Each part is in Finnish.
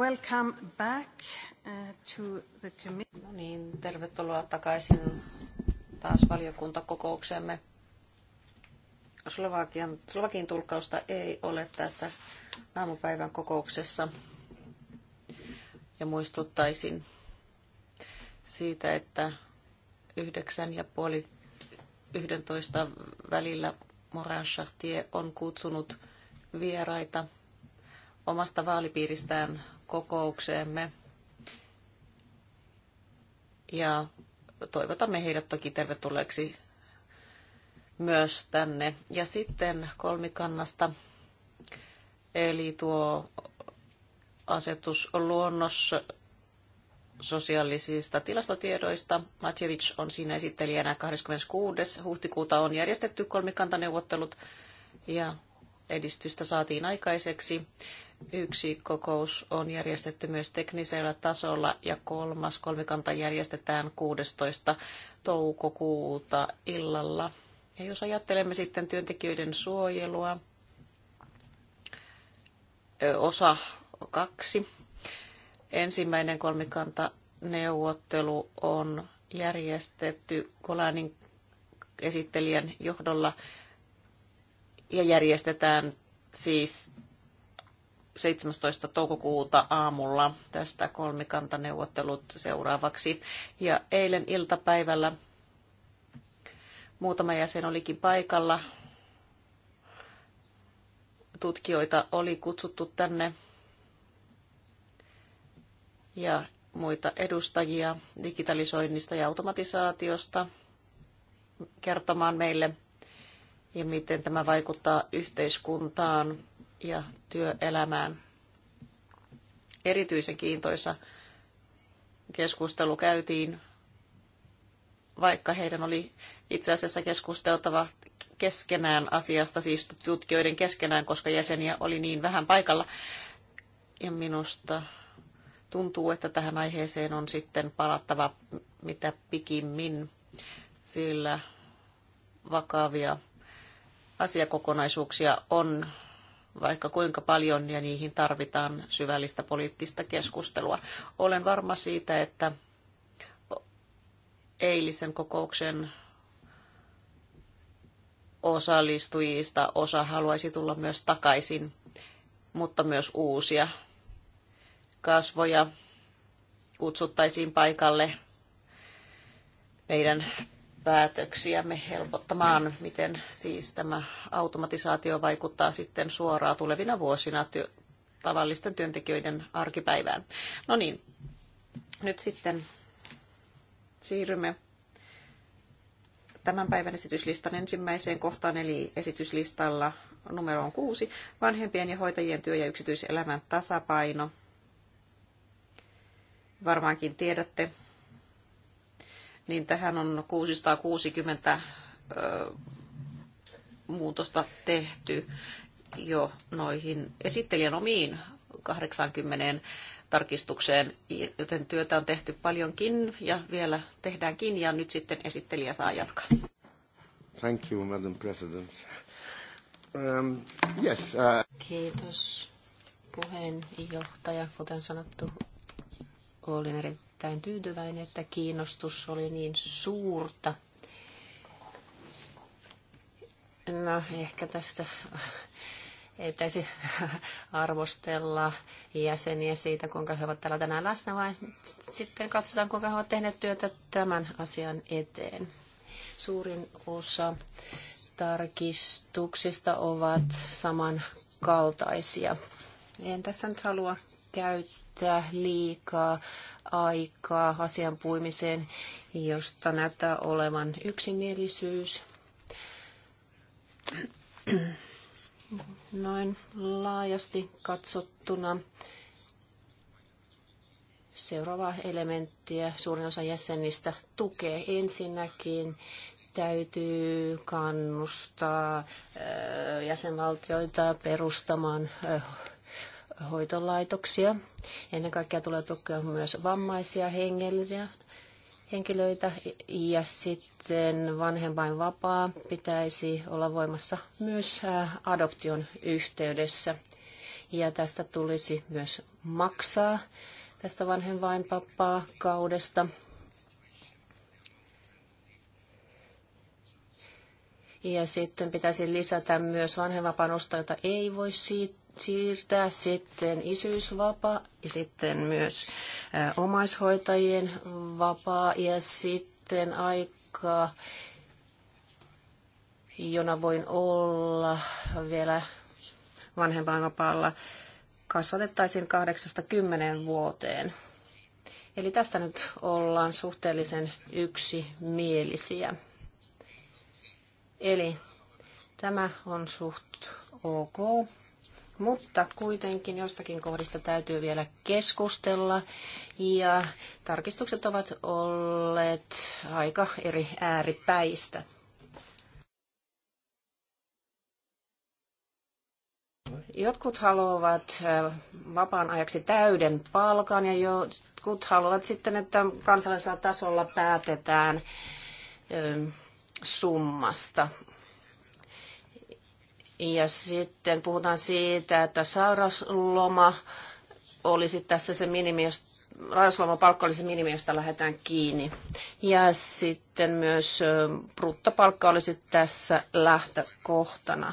Welcome back uh, to the committee. No niin, tervetuloa takaisin taas valiokuntakokoukseemme. Slovakian, tulkkausta ei ole tässä aamupäivän kokouksessa. Ja muistuttaisin siitä, että yhdeksän ja puoli yhdentoista välillä Morin Chartier on kutsunut vieraita omasta vaalipiiristään kokoukseemme. Ja toivotamme heidät toki tervetulleeksi myös tänne. Ja sitten kolmikannasta, eli tuo asetus luonnos sosiaalisista tilastotiedoista. Matjevic on siinä esittelijänä 26. huhtikuuta on järjestetty kolmikantaneuvottelut ja edistystä saatiin aikaiseksi. Yksi kokous on järjestetty myös teknisellä tasolla ja kolmas kolmikanta järjestetään 16. toukokuuta illalla. Ja jos ajattelemme sitten työntekijöiden suojelua, osa kaksi. Ensimmäinen kolmikanta neuvottelu on järjestetty Kolanin esittelijän johdolla ja järjestetään siis 17. toukokuuta aamulla tästä kolmikantaneuvottelut seuraavaksi. Ja eilen iltapäivällä muutama jäsen olikin paikalla. Tutkijoita oli kutsuttu tänne ja muita edustajia digitalisoinnista ja automatisaatiosta kertomaan meille ja miten tämä vaikuttaa yhteiskuntaan ja työelämään. Erityisen kiintoisa keskustelu käytiin, vaikka heidän oli itse asiassa keskusteltava keskenään asiasta, siis tutkijoiden keskenään, koska jäseniä oli niin vähän paikalla. Ja minusta tuntuu, että tähän aiheeseen on sitten palattava mitä pikimmin, sillä vakavia asiakokonaisuuksia on vaikka kuinka paljon ja niihin tarvitaan syvällistä poliittista keskustelua. Olen varma siitä, että eilisen kokouksen osallistujista osa haluaisi tulla myös takaisin, mutta myös uusia kasvoja kutsuttaisiin paikalle meidän päätöksiämme helpottamaan, miten siis tämä automatisaatio vaikuttaa sitten suoraan tulevina vuosina työ, tavallisten työntekijöiden arkipäivään. No niin, nyt sitten siirrymme tämän päivän esityslistan ensimmäiseen kohtaan, eli esityslistalla numero on kuusi, vanhempien ja hoitajien työ- ja yksityiselämän tasapaino. Varmaankin tiedätte, niin tähän on 660 muutosta tehty jo noihin esittelijän omiin 80 tarkistukseen, joten työtä on tehty paljonkin ja vielä tehdäänkin ja nyt sitten esittelijä saa jatkaa. Thank you, Madam President. Um, yes, uh... Kiitos puheenjohtaja. Kuten sanottu, olin erittäin erittäin tyytyväinen, että kiinnostus oli niin suurta. No, ehkä tästä ei pitäisi arvostella jäseniä siitä, kuinka he ovat täällä tänään läsnä, vaan sitten katsotaan, kuinka he ovat tehneet työtä tämän asian eteen. Suurin osa tarkistuksista ovat samankaltaisia. En tässä nyt halua käyttää käyttää liikaa aikaa asian puimiseen, josta näyttää olevan yksimielisyys. Noin laajasti katsottuna seuraava elementtiä suurin osa jäsenistä tukee. Ensinnäkin täytyy kannustaa jäsenvaltioita perustamaan hoitolaitoksia. Ennen kaikkea tulee tukea myös vammaisia hengellisiä henkilöitä ja sitten vanhempainvapaa pitäisi olla voimassa myös äh, adoption yhteydessä. Ja tästä tulisi myös maksaa tästä vanhempainvapaa kaudesta. Ja sitten pitäisi lisätä myös vanhempainvapaan ostajilta ei voi siitä siirtää sitten isyysvapaa ja sitten myös omaishoitajien vapaa ja sitten aika, jona voin olla vielä vanhempainvapaalla kasvatettaisiin 80 vuoteen. Eli tästä nyt ollaan suhteellisen yksimielisiä. Eli tämä on suht ok. Mutta kuitenkin jostakin kohdista täytyy vielä keskustella ja tarkistukset ovat olleet aika eri ääripäistä. Jotkut haluavat äh, vapaan ajaksi täyden palkan ja jotkut haluavat sitten, että kansallisella tasolla päätetään ähm, summasta. Ja sitten puhutaan siitä, että sairausloma olisi tässä se minimi, jos palkka olisi minimi, josta lähdetään kiinni. Ja sitten myös bruttopalkka olisi tässä lähtökohtana.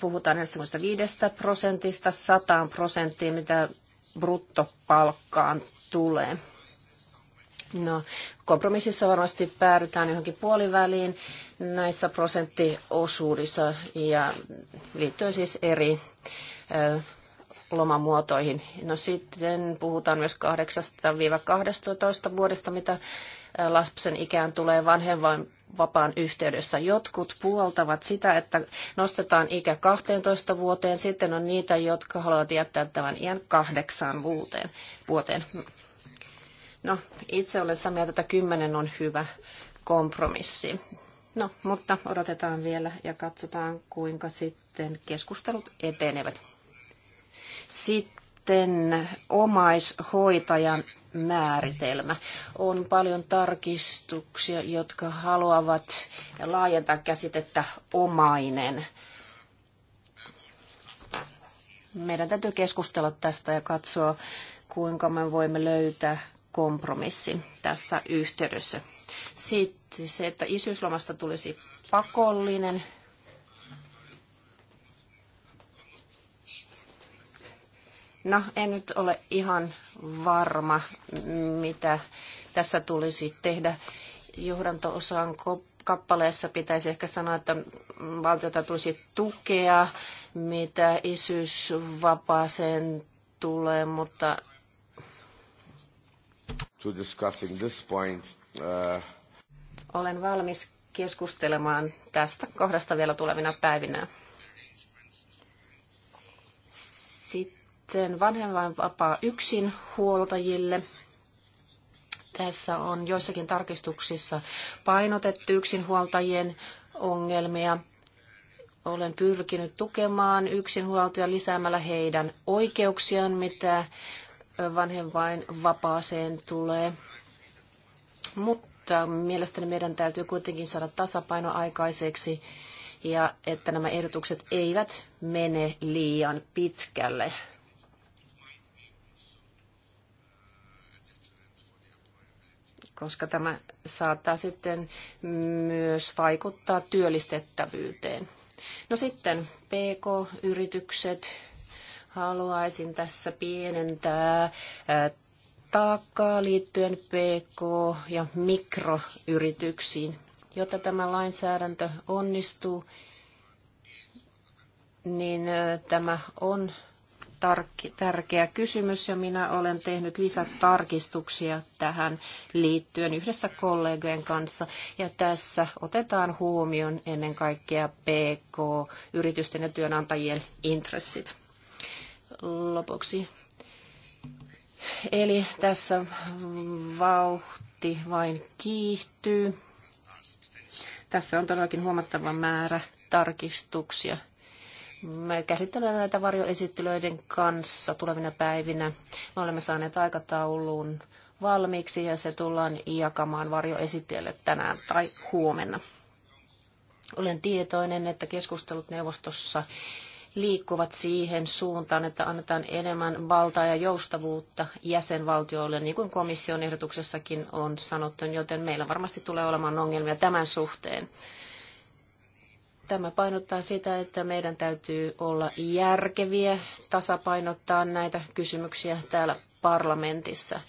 Puhutaan viidestä prosentista 100 prosenttia, mitä bruttopalkkaan tulee. No, kompromississa varmasti päädytään johonkin puoliväliin näissä prosenttiosuudissa ja liittyen siis eri lomamuotoihin. No sitten puhutaan myös 8-12 vuodesta, mitä lapsen ikään tulee vanhemman vapaan yhteydessä. Jotkut puoltavat sitä, että nostetaan ikä 12 vuoteen, sitten on niitä, jotka haluavat jättää tämän iän 8 vuoteen. No, itse olen sitä mieltä, että kymmenen on hyvä kompromissi. No, mutta odotetaan vielä ja katsotaan, kuinka sitten keskustelut etenevät. Sitten omaishoitajan määritelmä. On paljon tarkistuksia, jotka haluavat laajentaa käsitettä omainen. Meidän täytyy keskustella tästä ja katsoa, kuinka me voimme löytää kompromissi tässä yhteydessä. Sitten se, että isyyslomasta tulisi pakollinen. No, en nyt ole ihan varma, mitä tässä tulisi tehdä. johdanto osan kappaleessa pitäisi ehkä sanoa, että valtiota tulisi tukea, mitä isyysvapaaseen tulee, mutta to discussing this point. Uh... Olen valmis keskustelemaan tästä kohdasta vielä tulevina päivinä. Sitten vanhempainvapaa yksin huoltajille. Tässä on joissakin tarkistuksissa painotettu yksinhuoltajien ongelmia. Olen pyrkinyt tukemaan yksinhuoltajia lisäämällä heidän oikeuksiaan, mitä vanhempain vapaaseen tulee. Mutta mielestäni meidän täytyy kuitenkin saada tasapaino aikaiseksi ja että nämä ehdotukset eivät mene liian pitkälle. koska tämä saattaa sitten myös vaikuttaa työllistettävyyteen. No sitten PK-yritykset, haluaisin tässä pienentää taakkaa liittyen pk- ja mikroyrityksiin. Jotta tämä lainsäädäntö onnistuu, niin tämä on tärkeä kysymys ja minä olen tehnyt lisätarkistuksia tähän liittyen yhdessä kollegojen kanssa. Ja tässä otetaan huomioon ennen kaikkea PK-yritysten ja työnantajien intressit lopuksi. Eli tässä vauhti vain kiihtyy. Tässä on todellakin huomattava määrä tarkistuksia. Me käsittelemme näitä varjoesittelyiden kanssa tulevina päivinä. Me olemme saaneet aikataulun valmiiksi ja se tullaan jakamaan varjoesittelylle tänään tai huomenna. Olen tietoinen, että keskustelut neuvostossa liikkuvat siihen suuntaan, että annetaan enemmän valtaa ja joustavuutta jäsenvaltioille, niin kuin komission ehdotuksessakin on sanottu, joten meillä varmasti tulee olemaan ongelmia tämän suhteen. Tämä painottaa sitä, että meidän täytyy olla järkeviä tasapainottaa näitä kysymyksiä täällä parlamentissa.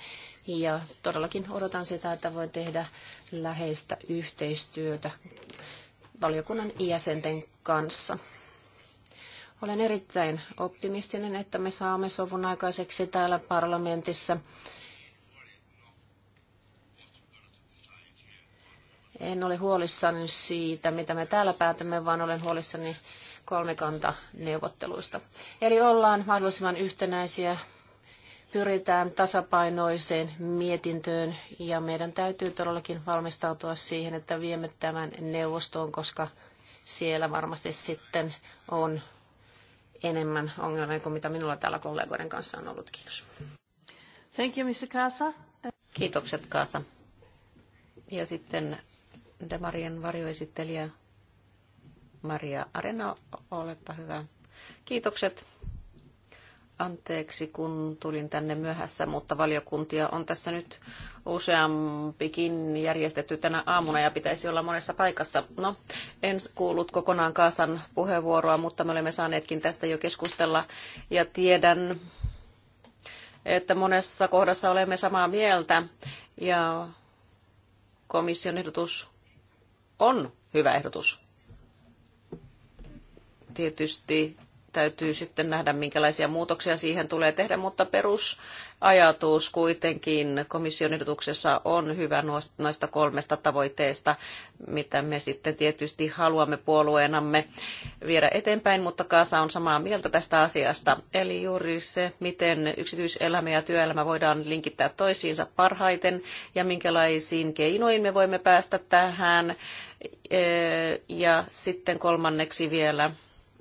Ja todellakin odotan sitä, että voin tehdä läheistä yhteistyötä valiokunnan jäsenten kanssa. Olen erittäin optimistinen, että me saamme sovun aikaiseksi täällä parlamentissa. En ole huolissani siitä, mitä me täällä päätämme, vaan olen huolissani kolmikantaneuvotteluista. Eli ollaan mahdollisimman yhtenäisiä, pyritään tasapainoiseen mietintöön ja meidän täytyy todellakin valmistautua siihen, että viemme tämän neuvostoon, koska siellä varmasti sitten on enemmän ongelmia kuin mitä minulla täällä kollegoiden kanssa on ollut. Kiitos. Thank you, Mr. Kasa. Kiitokset, kasa. Ja sitten Demarien varjoesittelijä Maria Arena, olepa hyvä. Kiitokset. Anteeksi, kun tulin tänne myöhässä, mutta valiokuntia on tässä nyt useampikin järjestetty tänä aamuna ja pitäisi olla monessa paikassa. No, en kuullut kokonaan Kaasan puheenvuoroa, mutta me olemme saaneetkin tästä jo keskustella ja tiedän, että monessa kohdassa olemme samaa mieltä ja komission ehdotus on hyvä ehdotus. Tietysti Täytyy sitten nähdä, minkälaisia muutoksia siihen tulee tehdä, mutta perusajatus kuitenkin komission ehdotuksessa on hyvä noista kolmesta tavoitteesta, mitä me sitten tietysti haluamme puolueenamme viedä eteenpäin, mutta Kaasa on samaa mieltä tästä asiasta. Eli juuri se, miten yksityiselämä ja työelämä voidaan linkittää toisiinsa parhaiten ja minkälaisiin keinoin me voimme päästä tähän. Ja sitten kolmanneksi vielä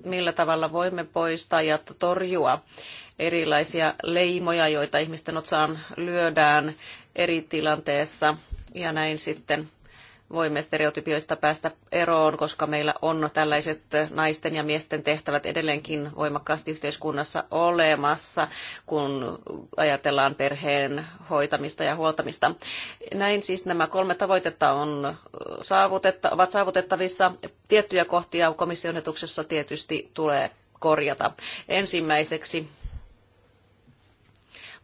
millä tavalla voimme poistaa ja torjua erilaisia leimoja, joita ihmisten otsaan lyödään eri tilanteessa. Ja näin sitten voimme stereotypioista päästä eroon, koska meillä on tällaiset naisten ja miesten tehtävät edelleenkin voimakkaasti yhteiskunnassa olemassa, kun ajatellaan perheen hoitamista ja huoltamista. Näin siis nämä kolme tavoitetta on saavutetta, ovat saavutettavissa. Tiettyjä kohtia komission etuksessa tietysti tulee korjata. Ensimmäiseksi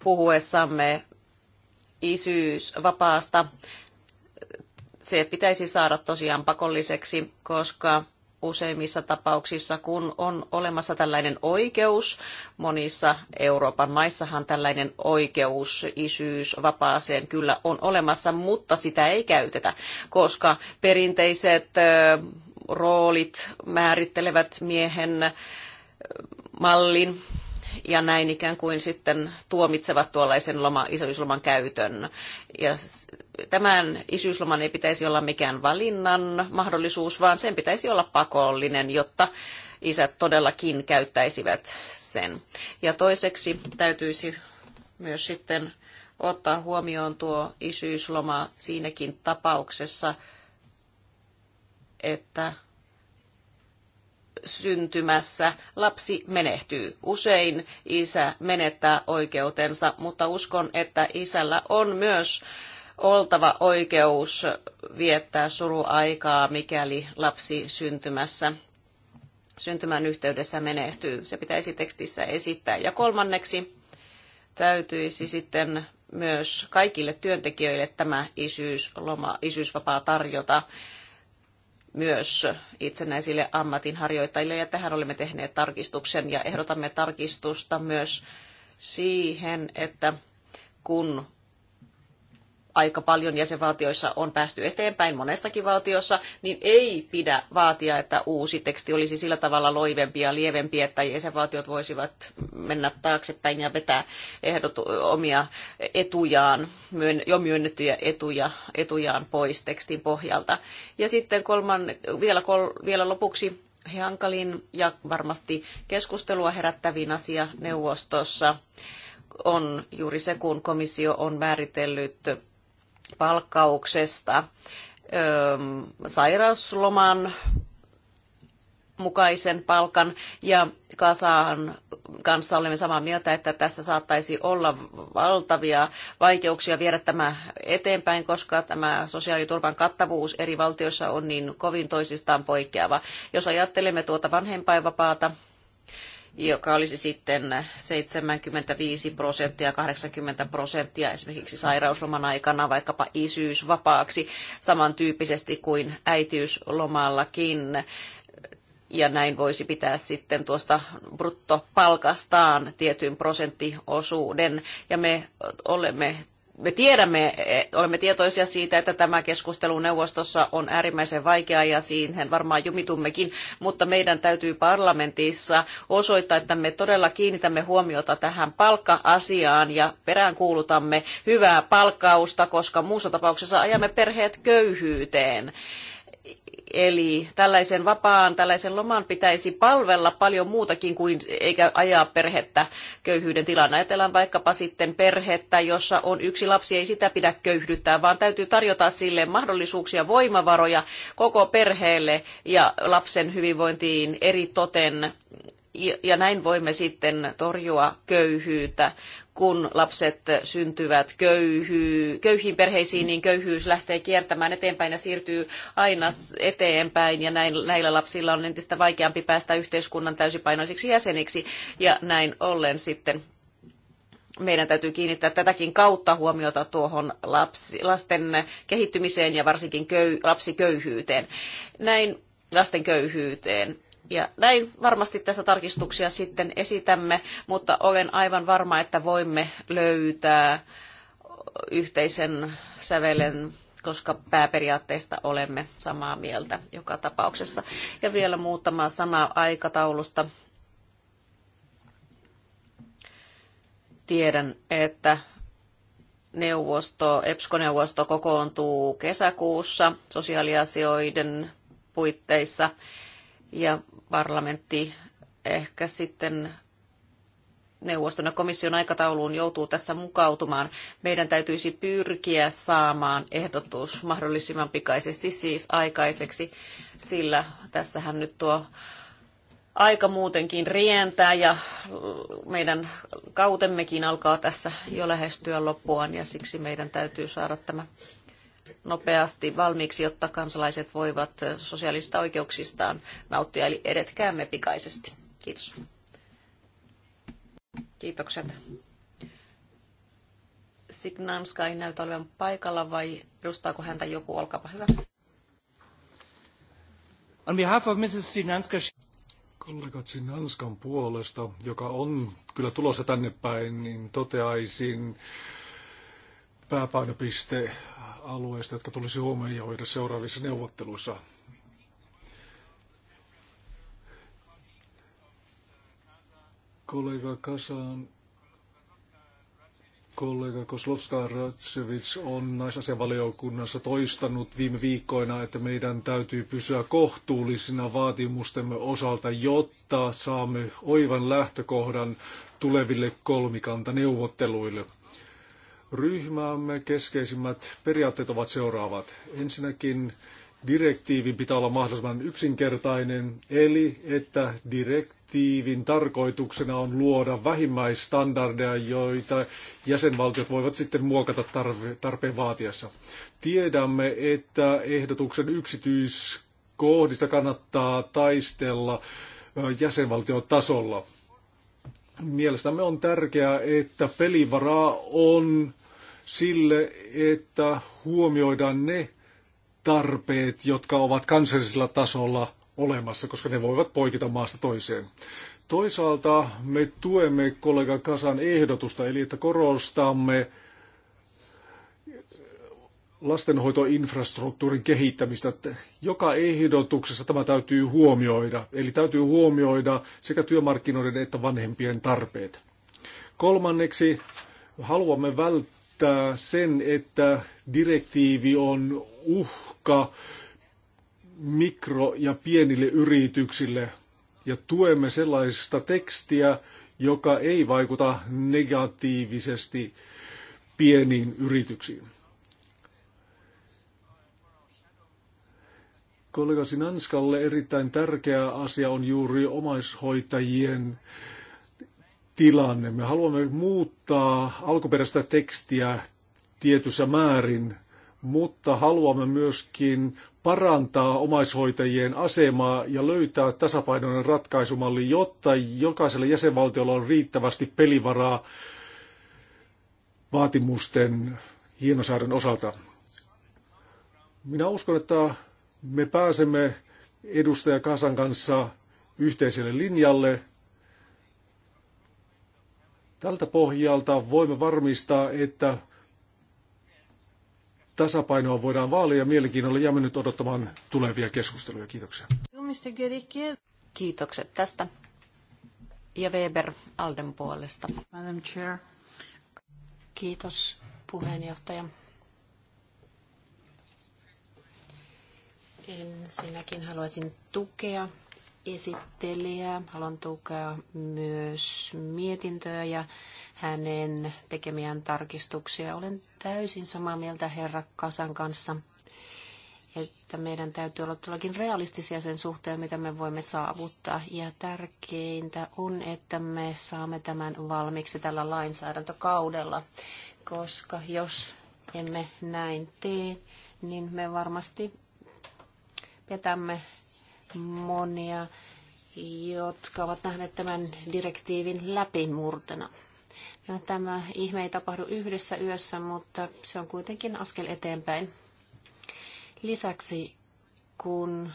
puhuessamme isyysvapaasta se pitäisi saada tosiaan pakolliseksi, koska useimmissa tapauksissa, kun on olemassa tällainen oikeus. Monissa Euroopan maissahan tällainen oikeus isyys vapaaseen kyllä on olemassa, mutta sitä ei käytetä, koska perinteiset roolit määrittelevät miehen mallin ja näin ikään kuin sitten tuomitsevat tuollaisen loma, isyysloman käytön. Ja tämän isyysloman ei pitäisi olla mikään valinnan mahdollisuus, vaan sen pitäisi olla pakollinen, jotta isät todellakin käyttäisivät sen. Ja toiseksi täytyisi myös sitten ottaa huomioon tuo isyysloma siinäkin tapauksessa, että syntymässä lapsi menehtyy. Usein isä menettää oikeutensa, mutta uskon, että isällä on myös oltava oikeus viettää suruaikaa, mikäli lapsi syntymässä syntymän yhteydessä menehtyy. Se pitäisi tekstissä esittää. Ja kolmanneksi täytyisi sitten myös kaikille työntekijöille tämä isyysloma, isyysvapaa tarjota myös itsenäisille ammatinharjoittajille, ja tähän olemme tehneet tarkistuksen ja ehdotamme tarkistusta myös siihen, että kun aika paljon jäsenvaltioissa on päästy eteenpäin monessakin valtiossa, niin ei pidä vaatia, että uusi teksti olisi sillä tavalla loivempi ja lievempi, että jäsenvaltiot voisivat mennä taaksepäin ja vetää ehdotu, omia etujaan, myön, jo myönnettyjä etuja, etujaan pois tekstin pohjalta. Ja sitten kolman, vielä, kol, vielä lopuksi hankalin ja varmasti keskustelua herättävin asia neuvostossa on juuri se, kun komissio on määritellyt palkkauksesta sairausloman mukaisen palkan ja Kasan kanssa olemme samaa mieltä, että tässä saattaisi olla valtavia vaikeuksia viedä tämä eteenpäin, koska tämä sosiaaliturvan kattavuus eri valtioissa on niin kovin toisistaan poikkeava. Jos ajattelemme tuota vanhempainvapaata, joka olisi sitten 75 prosenttia, 80 prosenttia esimerkiksi sairausloman aikana vaikkapa isyysvapaaksi samantyyppisesti kuin äitiyslomallakin ja näin voisi pitää sitten tuosta bruttopalkastaan tietyn prosenttiosuuden. Ja me olemme me tiedämme, e, olemme tietoisia siitä, että tämä keskustelu neuvostossa on äärimmäisen vaikeaa ja siihen varmaan jumitummekin, mutta meidän täytyy parlamentissa osoittaa, että me todella kiinnitämme huomiota tähän palkka-asiaan ja peräänkuulutamme hyvää palkkausta, koska muussa tapauksessa ajamme perheet köyhyyteen. Eli tällaisen vapaan, tällaisen loman pitäisi palvella paljon muutakin kuin eikä ajaa perhettä köyhyyden tilaan. Ajatellaan vaikkapa sitten perhettä, jossa on yksi lapsi, ei sitä pidä köyhdyttää, vaan täytyy tarjota sille mahdollisuuksia, voimavaroja koko perheelle ja lapsen hyvinvointiin eri toten ja näin voimme sitten torjua köyhyyttä, kun lapset syntyvät köyhyy, köyhiin perheisiin, niin köyhyys lähtee kiertämään eteenpäin ja siirtyy aina eteenpäin ja näin, näillä lapsilla on entistä vaikeampi päästä yhteiskunnan täysipainoisiksi jäseniksi ja näin ollen sitten meidän täytyy kiinnittää tätäkin kautta huomiota tuohon lapsi, lasten kehittymiseen ja varsinkin köy, lapsiköyhyyteen. Näin lasten köyhyyteen. Ja näin varmasti tässä tarkistuksia sitten esitämme, mutta olen aivan varma, että voimme löytää yhteisen sävelen, koska pääperiaatteista olemme samaa mieltä joka tapauksessa. Ja vielä muutama sana aikataulusta. Tiedän, että neuvosto, EPSCO-neuvosto kokoontuu kesäkuussa sosiaaliasioiden puitteissa – ja parlamentti ehkä sitten neuvoston ja komission aikatauluun joutuu tässä mukautumaan. Meidän täytyisi pyrkiä saamaan ehdotus mahdollisimman pikaisesti siis aikaiseksi, sillä tässähän nyt tuo aika muutenkin rientää ja meidän kautemmekin alkaa tässä jo lähestyä loppuaan ja siksi meidän täytyy saada tämä nopeasti valmiiksi, jotta kansalaiset voivat sosiaalista oikeuksistaan nauttia, eli edetkäämme pikaisesti. Kiitos. Kiitokset. Signanska ei näytä olevan paikalla vai edustaako häntä joku? Olkaapa hyvä. On behalf of Mrs. Signanska... Kollega Sinanskan puolesta, joka on kyllä tulossa tänne päin, niin toteaisin pääpainopiste alueista, jotka tulisi huomioida seuraavissa neuvotteluissa. Kollega Kasan kollega Koslovska Ratsevic on naisasianvaliokunnassa toistanut viime viikkoina, että meidän täytyy pysyä kohtuullisina vaatimustemme osalta, jotta saamme oivan lähtökohdan tuleville kolmikantaneuvotteluille. Ryhmämme keskeisimmät periaatteet ovat seuraavat. Ensinnäkin direktiivin pitää olla mahdollisimman yksinkertainen, eli että direktiivin tarkoituksena on luoda vähimmäisstandardeja, joita jäsenvaltiot voivat sitten muokata tarpeen vaatiessa. Tiedämme, että ehdotuksen yksityiskohdista kannattaa taistella jäsenvaltiotasolla. Mielestämme on tärkeää, että pelivaraa on sille, että huomioidaan ne tarpeet, jotka ovat kansallisella tasolla olemassa, koska ne voivat poikita maasta toiseen. Toisaalta me tuemme kollega Kasan ehdotusta, eli että korostamme lastenhoitoinfrastruktuurin kehittämistä. Joka ehdotuksessa tämä täytyy huomioida, eli täytyy huomioida sekä työmarkkinoiden että vanhempien tarpeet. Kolmanneksi haluamme välttää estää sen, että direktiivi on uhka mikro- ja pienille yrityksille. Ja tuemme sellaista tekstiä, joka ei vaikuta negatiivisesti pieniin yrityksiin. Kollega Sinanskalle erittäin tärkeä asia on juuri omaishoitajien tilanne. Me haluamme muuttaa alkuperäistä tekstiä tietyssä määrin, mutta haluamme myöskin parantaa omaishoitajien asemaa ja löytää tasapainoinen ratkaisumalli, jotta jokaisella jäsenvaltiolla on riittävästi pelivaraa vaatimusten hienosäädön osalta. Minä uskon, että me pääsemme edustaja Kasan kanssa yhteiselle linjalle Tältä pohjalta voimme varmistaa, että tasapainoa voidaan vaalia ja mielenkiinnolla jäämme nyt odottamaan tulevia keskusteluja. Kiitoksia. Kiitokset tästä. Ja Weber Alden puolesta. Madam Chair. Kiitos puheenjohtaja. Ensinnäkin haluaisin tukea esittelijä. Haluan tukea myös mietintöä ja hänen tekemiään tarkistuksia. Olen täysin samaa mieltä herra Kasan kanssa, että meidän täytyy olla todellakin realistisia sen suhteen, mitä me voimme saavuttaa. Ja tärkeintä on, että me saamme tämän valmiiksi tällä lainsäädäntökaudella, koska jos emme näin tee, niin me varmasti petämme monia, jotka ovat nähneet tämän direktiivin läpimurtena. No, tämä ihme ei tapahdu yhdessä yössä, mutta se on kuitenkin askel eteenpäin. Lisäksi kun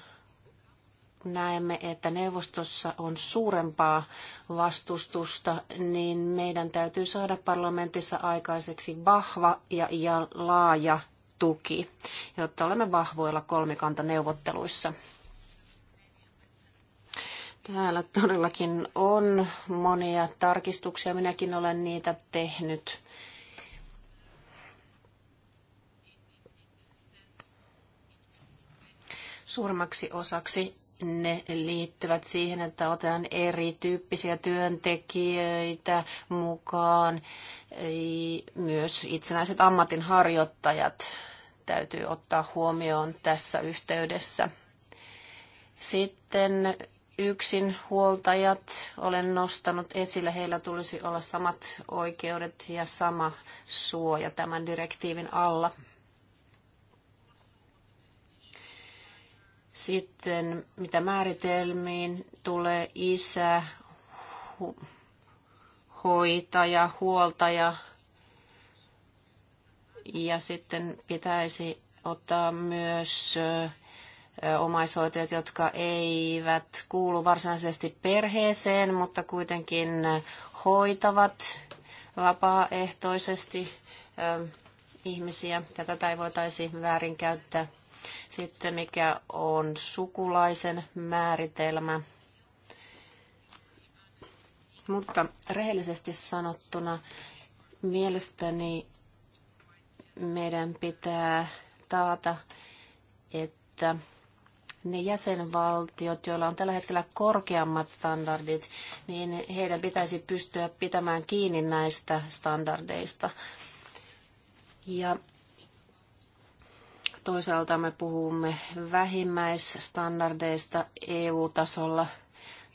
näemme, että neuvostossa on suurempaa vastustusta, niin meidän täytyy saada parlamentissa aikaiseksi vahva ja, ja laaja tuki, jotta olemme vahvoilla kolmikantaneuvotteluissa. neuvotteluissa. Täällä todellakin on monia tarkistuksia. Minäkin olen niitä tehnyt. Suurimmaksi osaksi ne liittyvät siihen, että otetaan erityyppisiä työntekijöitä mukaan. Myös itsenäiset ammatinharjoittajat täytyy ottaa huomioon tässä yhteydessä. Sitten yksin huoltajat olen nostanut esille. Heillä tulisi olla samat oikeudet ja sama suoja tämän direktiivin alla. Sitten mitä määritelmiin tulee isä, hu- hoitaja, huoltaja. Ja sitten pitäisi ottaa myös omaishoitajat, jotka eivät kuulu varsinaisesti perheeseen, mutta kuitenkin hoitavat vapaaehtoisesti ihmisiä. Tätä ei voitaisi väärinkäyttää. Sitten mikä on sukulaisen määritelmä. Mutta rehellisesti sanottuna mielestäni meidän pitää taata, että ne jäsenvaltiot, joilla on tällä hetkellä korkeammat standardit, niin heidän pitäisi pystyä pitämään kiinni näistä standardeista. Ja toisaalta me puhumme vähimmäisstandardeista EU-tasolla –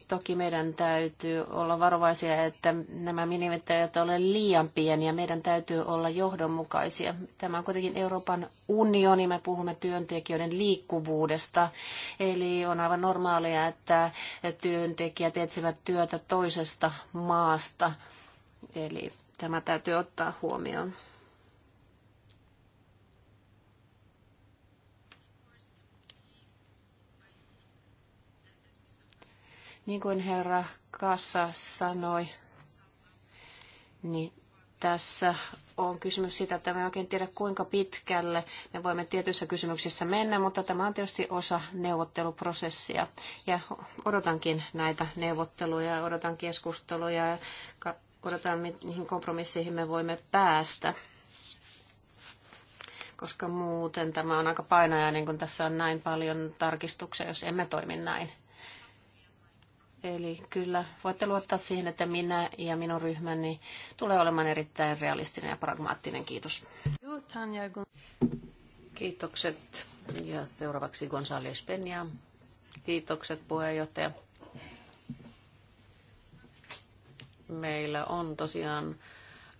Toki meidän täytyy olla varovaisia, että nämä minimit eivät ole liian pieniä. Meidän täytyy olla johdonmukaisia. Tämä on kuitenkin Euroopan unioni. Me puhumme työntekijöiden liikkuvuudesta. Eli on aivan normaalia, että työntekijät etsivät työtä toisesta maasta. Eli tämä täytyy ottaa huomioon. Niin kuin herra Kassa sanoi, niin tässä on kysymys siitä, että me ei oikein tiedä kuinka pitkälle me voimme tietyissä kysymyksissä mennä, mutta tämä on tietysti osa neuvotteluprosessia. Ja odotankin näitä neuvotteluja, odotan keskusteluja ja odotan, mihin kompromisseihin me voimme päästä. Koska muuten tämä on aika painajainen, kun tässä on näin paljon tarkistuksia, jos emme toimi näin. Eli kyllä voitte luottaa siihen, että minä ja minun ryhmäni tulee olemaan erittäin realistinen ja pragmaattinen. Kiitos. Kiitokset. Ja seuraavaksi González Peña. Kiitokset puheenjohtaja. Meillä on tosiaan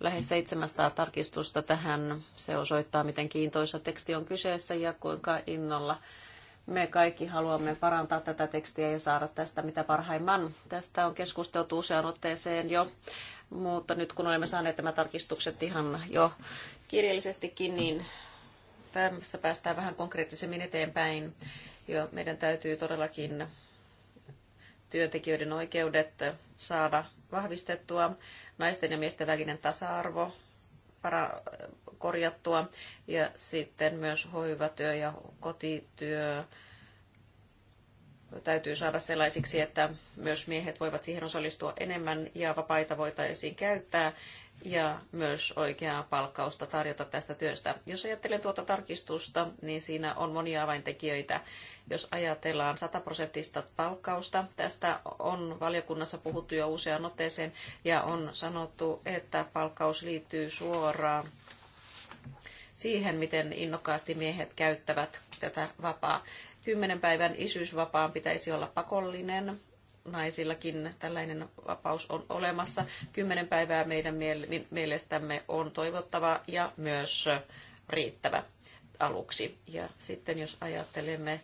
lähes 700 tarkistusta tähän. Se osoittaa, miten kiintoisa teksti on kyseessä ja kuinka innolla me kaikki haluamme parantaa tätä tekstiä ja saada tästä mitä parhaimman. Tästä on keskusteltu useaan otteeseen jo, mutta nyt kun olemme saaneet nämä tarkistukset ihan jo kirjallisestikin, niin tässä päästään vähän konkreettisemmin eteenpäin. Ja meidän täytyy todellakin työntekijöiden oikeudet saada vahvistettua, naisten ja miesten välinen tasa-arvo para- korjattua. Ja sitten myös hoivatyö ja kotityö täytyy saada sellaisiksi, että myös miehet voivat siihen osallistua enemmän ja vapaita voitaisiin käyttää ja myös oikeaa palkkausta tarjota tästä työstä. Jos ajattelen tuota tarkistusta, niin siinä on monia avaintekijöitä. Jos ajatellaan 100 prosenttista palkkausta, tästä on valiokunnassa puhuttu jo useaan otteeseen ja on sanottu, että palkkaus liittyy suoraan siihen, miten innokkaasti miehet käyttävät tätä vapaa. Kymmenen päivän isyysvapaan pitäisi olla pakollinen. Naisillakin tällainen vapaus on olemassa. Kymmenen päivää meidän mielestämme on toivottava ja myös riittävä aluksi. Ja sitten jos ajattelemme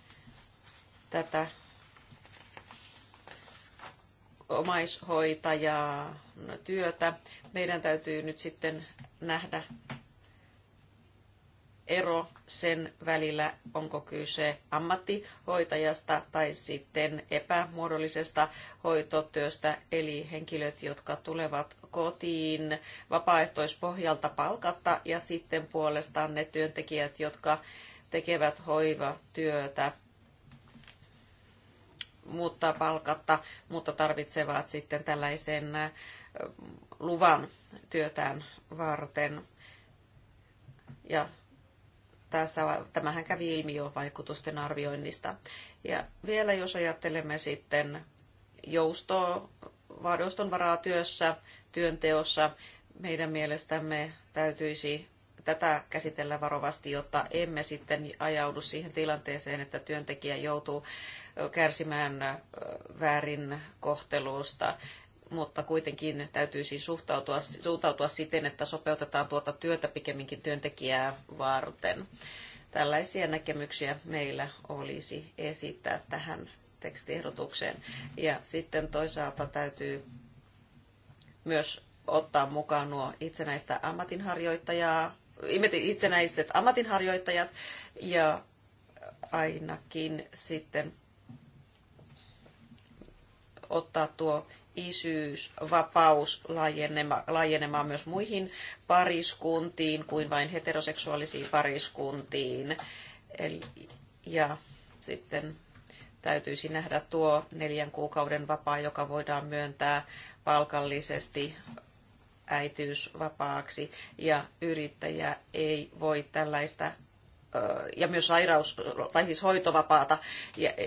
tätä omaishoitajaa työtä. Meidän täytyy nyt sitten nähdä ero sen välillä, onko kyse ammattihoitajasta tai sitten epämuodollisesta hoitotyöstä, eli henkilöt, jotka tulevat kotiin vapaaehtoispohjalta palkatta ja sitten puolestaan ne työntekijät, jotka tekevät hoivatyötä mutta palkatta, mutta tarvitsevat sitten tällaisen luvan työtään varten. Ja tässä, tämähän kävi ilmi jo vaikutusten arvioinnista. Ja vielä jos ajattelemme sitten joustoa, vaadoston varaa työssä, työnteossa, meidän mielestämme täytyisi tätä käsitellä varovasti, jotta emme sitten ajaudu siihen tilanteeseen, että työntekijä joutuu kärsimään väärin kohtelusta mutta kuitenkin siis suhtautua, suhtautua siten, että sopeutetaan tuota työtä pikemminkin työntekijää varten. Tällaisia näkemyksiä meillä olisi esittää tähän tekstiehdotukseen. Ja sitten toisaalta täytyy myös ottaa mukaan nuo itsenäistä ammatinharjoittajaa, itsenäiset ammatinharjoittajat ja ainakin sitten ottaa tuo isyysvapaus laajenema, laajenemaan myös muihin pariskuntiin kuin vain heteroseksuaalisiin pariskuntiin. Eli, ja sitten täytyisi nähdä tuo neljän kuukauden vapaa, joka voidaan myöntää palkallisesti äitiysvapaaksi ja yrittäjä ei voi tällaista ja myös sairaus, tai siis hoitovapaata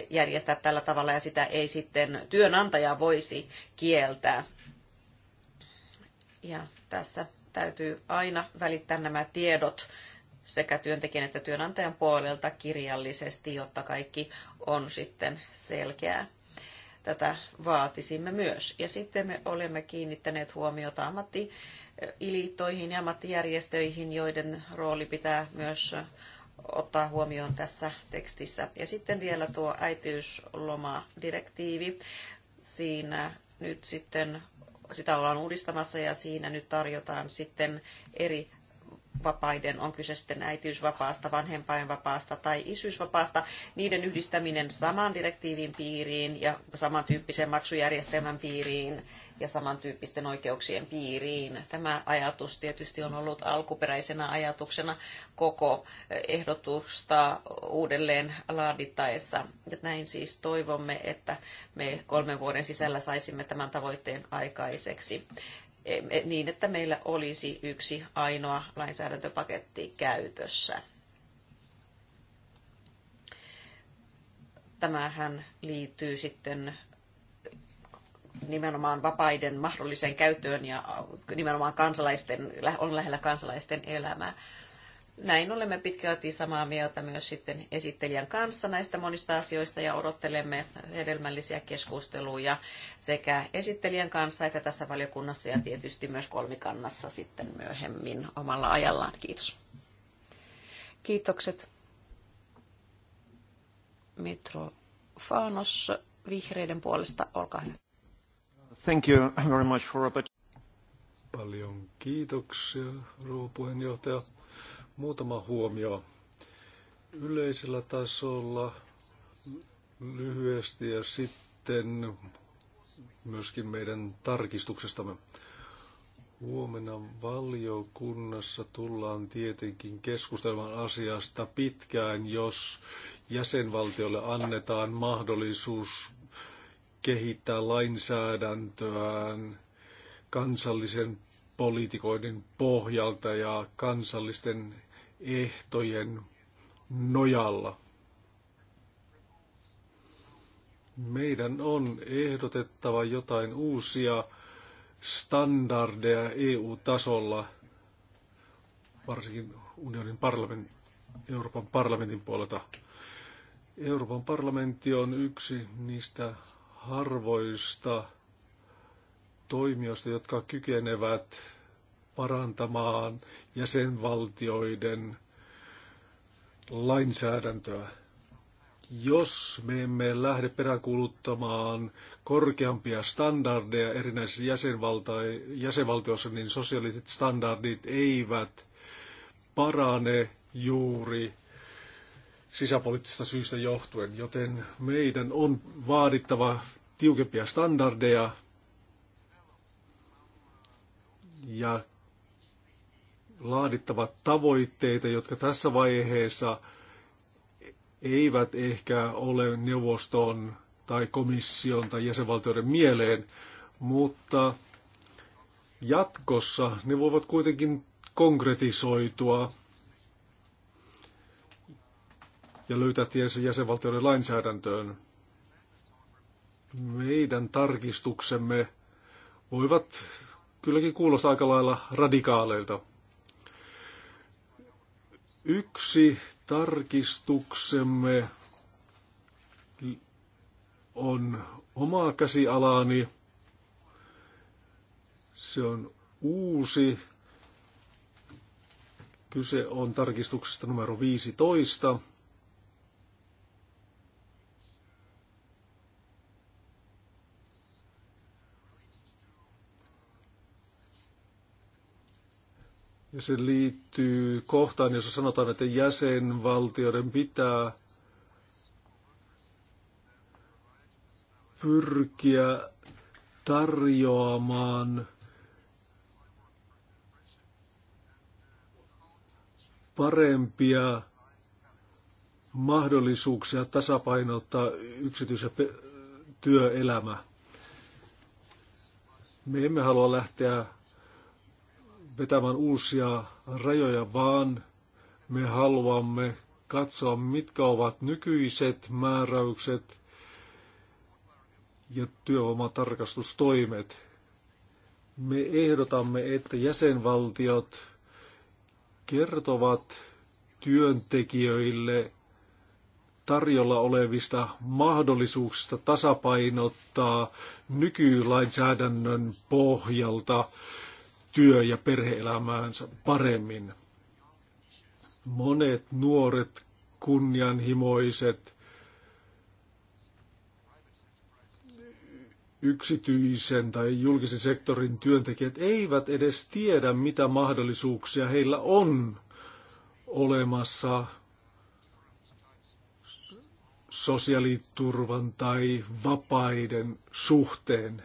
järjestää tällä tavalla, ja sitä ei sitten työnantaja voisi kieltää. Ja tässä täytyy aina välittää nämä tiedot sekä työntekijän että työnantajan puolelta kirjallisesti, jotta kaikki on sitten selkeää. Tätä vaatisimme myös. Ja sitten me olemme kiinnittäneet huomiota ammattiliittoihin ja ammattijärjestöihin, joiden rooli pitää myös ottaa huomioon tässä tekstissä. Ja sitten vielä tuo äitiyslomadirektiivi. Siinä nyt sitten sitä ollaan uudistamassa ja siinä nyt tarjotaan sitten eri vapaiden, on kyse sitten äitiysvapaasta, vanhempainvapaasta tai isyysvapaasta, niiden yhdistäminen samaan direktiivin piiriin ja samantyyppisen maksujärjestelmän piiriin ja samantyyppisten oikeuksien piiriin. Tämä ajatus tietysti on ollut alkuperäisenä ajatuksena koko ehdotusta uudelleen laadittaessa. Ja näin siis toivomme, että me kolmen vuoden sisällä saisimme tämän tavoitteen aikaiseksi e, niin, että meillä olisi yksi ainoa lainsäädäntöpaketti käytössä. Tämähän liittyy sitten nimenomaan vapaiden mahdolliseen käyttöön ja nimenomaan kansalaisten, on lähellä kansalaisten elämää. Näin olemme pitkälti samaa mieltä myös sitten esittelijän kanssa näistä monista asioista ja odottelemme hedelmällisiä keskusteluja sekä esittelijän kanssa että tässä valiokunnassa ja tietysti myös kolmikannassa sitten myöhemmin omalla ajallaan. Kiitos. Kiitokset. Mitro Faanos vihreiden puolesta, olkaa hyvä. Thank you very much for Paljon kiitoksia, rouva puheenjohtaja. Muutama huomio. Yleisellä tasolla lyhyesti ja sitten myöskin meidän tarkistuksestamme. Huomenna valiokunnassa tullaan tietenkin keskustelemaan asiasta pitkään, jos jäsenvaltiolle annetaan mahdollisuus kehittää lainsäädäntöään kansallisen poliitikoiden pohjalta ja kansallisten ehtojen nojalla. Meidän on ehdotettava jotain uusia standardeja EU-tasolla, varsinkin unionin parlamentin, Euroopan parlamentin puolelta. Euroopan parlamentti on yksi niistä harvoista toimijoista, jotka kykenevät parantamaan jäsenvaltioiden lainsäädäntöä. Jos me emme lähde peräkuluttamaan korkeampia standardeja erinäisissä jäsenvaltioissa, niin sosiaaliset standardit eivät parane juuri sisäpoliittisista syistä johtuen, joten meidän on vaadittava tiukempia standardeja ja laadittava tavoitteita, jotka tässä vaiheessa eivät ehkä ole neuvoston tai komission tai jäsenvaltioiden mieleen, mutta jatkossa ne voivat kuitenkin konkretisoitua ja löytää tiensä jäsenvaltioiden lainsäädäntöön. Meidän tarkistuksemme voivat kylläkin kuulostaa aika lailla radikaaleilta. Yksi tarkistuksemme on omaa käsialaani. Se on uusi. Kyse on tarkistuksesta numero 15. Ja se liittyy kohtaan, jossa sanotaan, että jäsenvaltioiden pitää pyrkiä tarjoamaan parempia mahdollisuuksia tasapainottaa yksityis- ja työelämä. Me emme halua lähteä vetämään uusia rajoja, vaan me haluamme katsoa, mitkä ovat nykyiset määräykset ja työvoimatarkastustoimet. Me ehdotamme, että jäsenvaltiot kertovat työntekijöille tarjolla olevista mahdollisuuksista tasapainottaa nykylainsäädännön pohjalta työ- ja perheelämäänsä paremmin. Monet nuoret, kunnianhimoiset, yksityisen tai julkisen sektorin työntekijät eivät edes tiedä, mitä mahdollisuuksia heillä on olemassa sosiaaliturvan tai vapaiden suhteen.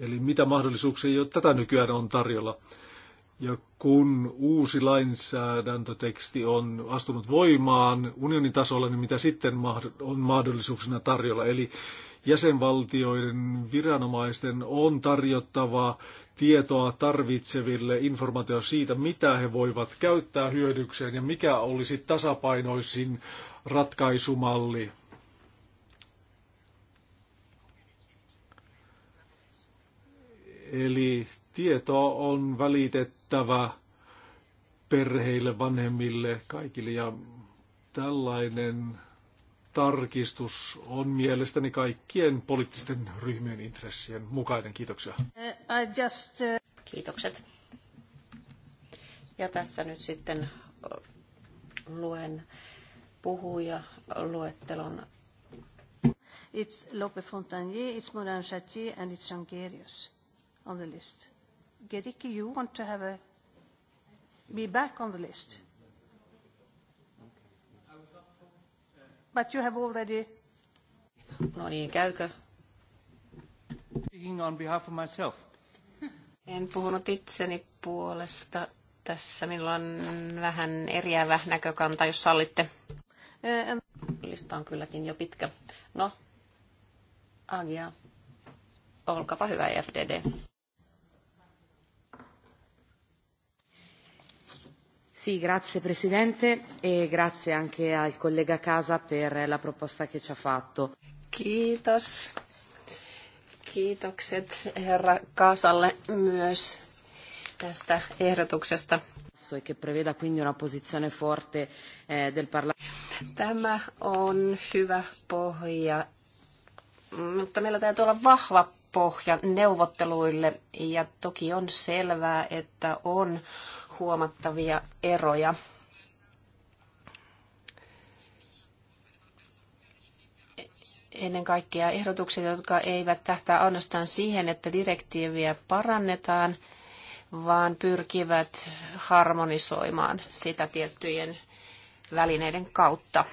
Eli mitä mahdollisuuksia jo tätä nykyään on tarjolla. Ja kun uusi lainsäädäntöteksti on astunut voimaan unionin tasolla, niin mitä sitten on mahdollisuuksena tarjolla? Eli jäsenvaltioiden viranomaisten on tarjottava tietoa tarvitseville informaatio siitä, mitä he voivat käyttää hyödykseen ja mikä olisi tasapainoisin ratkaisumalli Eli tietoa on välitettävä perheille, vanhemmille, kaikille ja tällainen tarkistus on mielestäni kaikkien poliittisten ryhmien intressien mukainen. Kiitoksia. Eh, eh, Kiitokset. Ja tässä nyt sitten eh, luen puhuja luettelon. It's Lope Fontanier, it's Moran Chatier and it's Jangerius on the list. Gericke, you want to have a, be back on the list? But you have already... No niin, käykö? Speaking on behalf of myself. En puhunut itseni puolesta tässä. Minulla on vähän eriävä näkökanta, jos sallitte. Eh, en. Lista on kylläkin jo pitkä. No, Agia, olkapa hyvä FDD. Sì, grazie Presidente e grazie anche al collega Casa per la proposta che ci ha fatto. Kiitos. Kiitokset herra Kaasalle myös tästä ehdotuksesta. Eh, Tämä on hyvä pohja, mutta meillä täytyy olla vahva pohja neuvotteluille ja toki on selvää, että on huomattavia eroja. Ennen kaikkea ehdotukset, jotka eivät tähtää ainoastaan siihen, että direktiiviä parannetaan, vaan pyrkivät harmonisoimaan sitä tiettyjen välineiden kautta.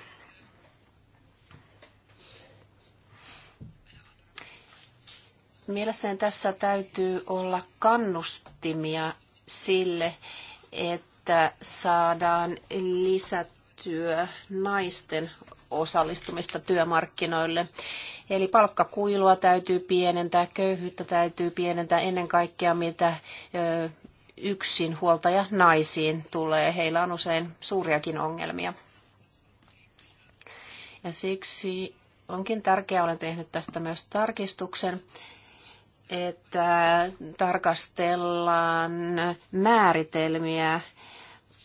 Mielestäni tässä täytyy olla kannustimia sille, että saadaan lisättyä naisten osallistumista työmarkkinoille. Eli palkkakuilua täytyy pienentää, köyhyyttä täytyy pienentää ennen kaikkea, mitä yksin huoltaja naisiin tulee. Heillä on usein suuriakin ongelmia. Ja siksi onkin tärkeää, olen tehnyt tästä myös tarkistuksen, että tarkastellaan määritelmiä,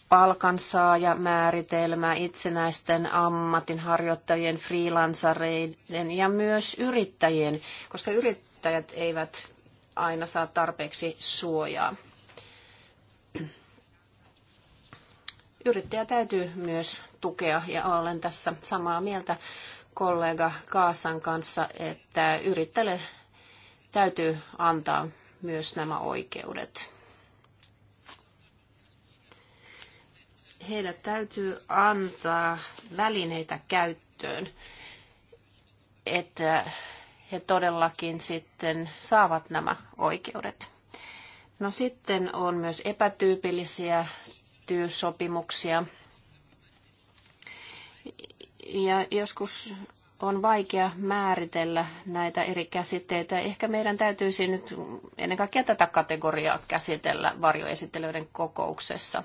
palkansaajamääritelmä itsenäisten ammatinharjoittajien, freelancereiden ja myös yrittäjien, koska yrittäjät eivät aina saa tarpeeksi suojaa. Yrittäjä täytyy myös tukea ja olen tässä samaa mieltä kollega Kaasan kanssa, että yrittäjälle täytyy antaa myös nämä oikeudet. Heillä täytyy antaa välineitä käyttöön, että he todellakin sitten saavat nämä oikeudet. No sitten on myös epätyypillisiä työsopimuksia. Ja joskus on vaikea määritellä näitä eri käsitteitä. Ehkä meidän täytyisi nyt ennen kaikkea tätä kategoriaa käsitellä varjoesittelyiden kokouksessa.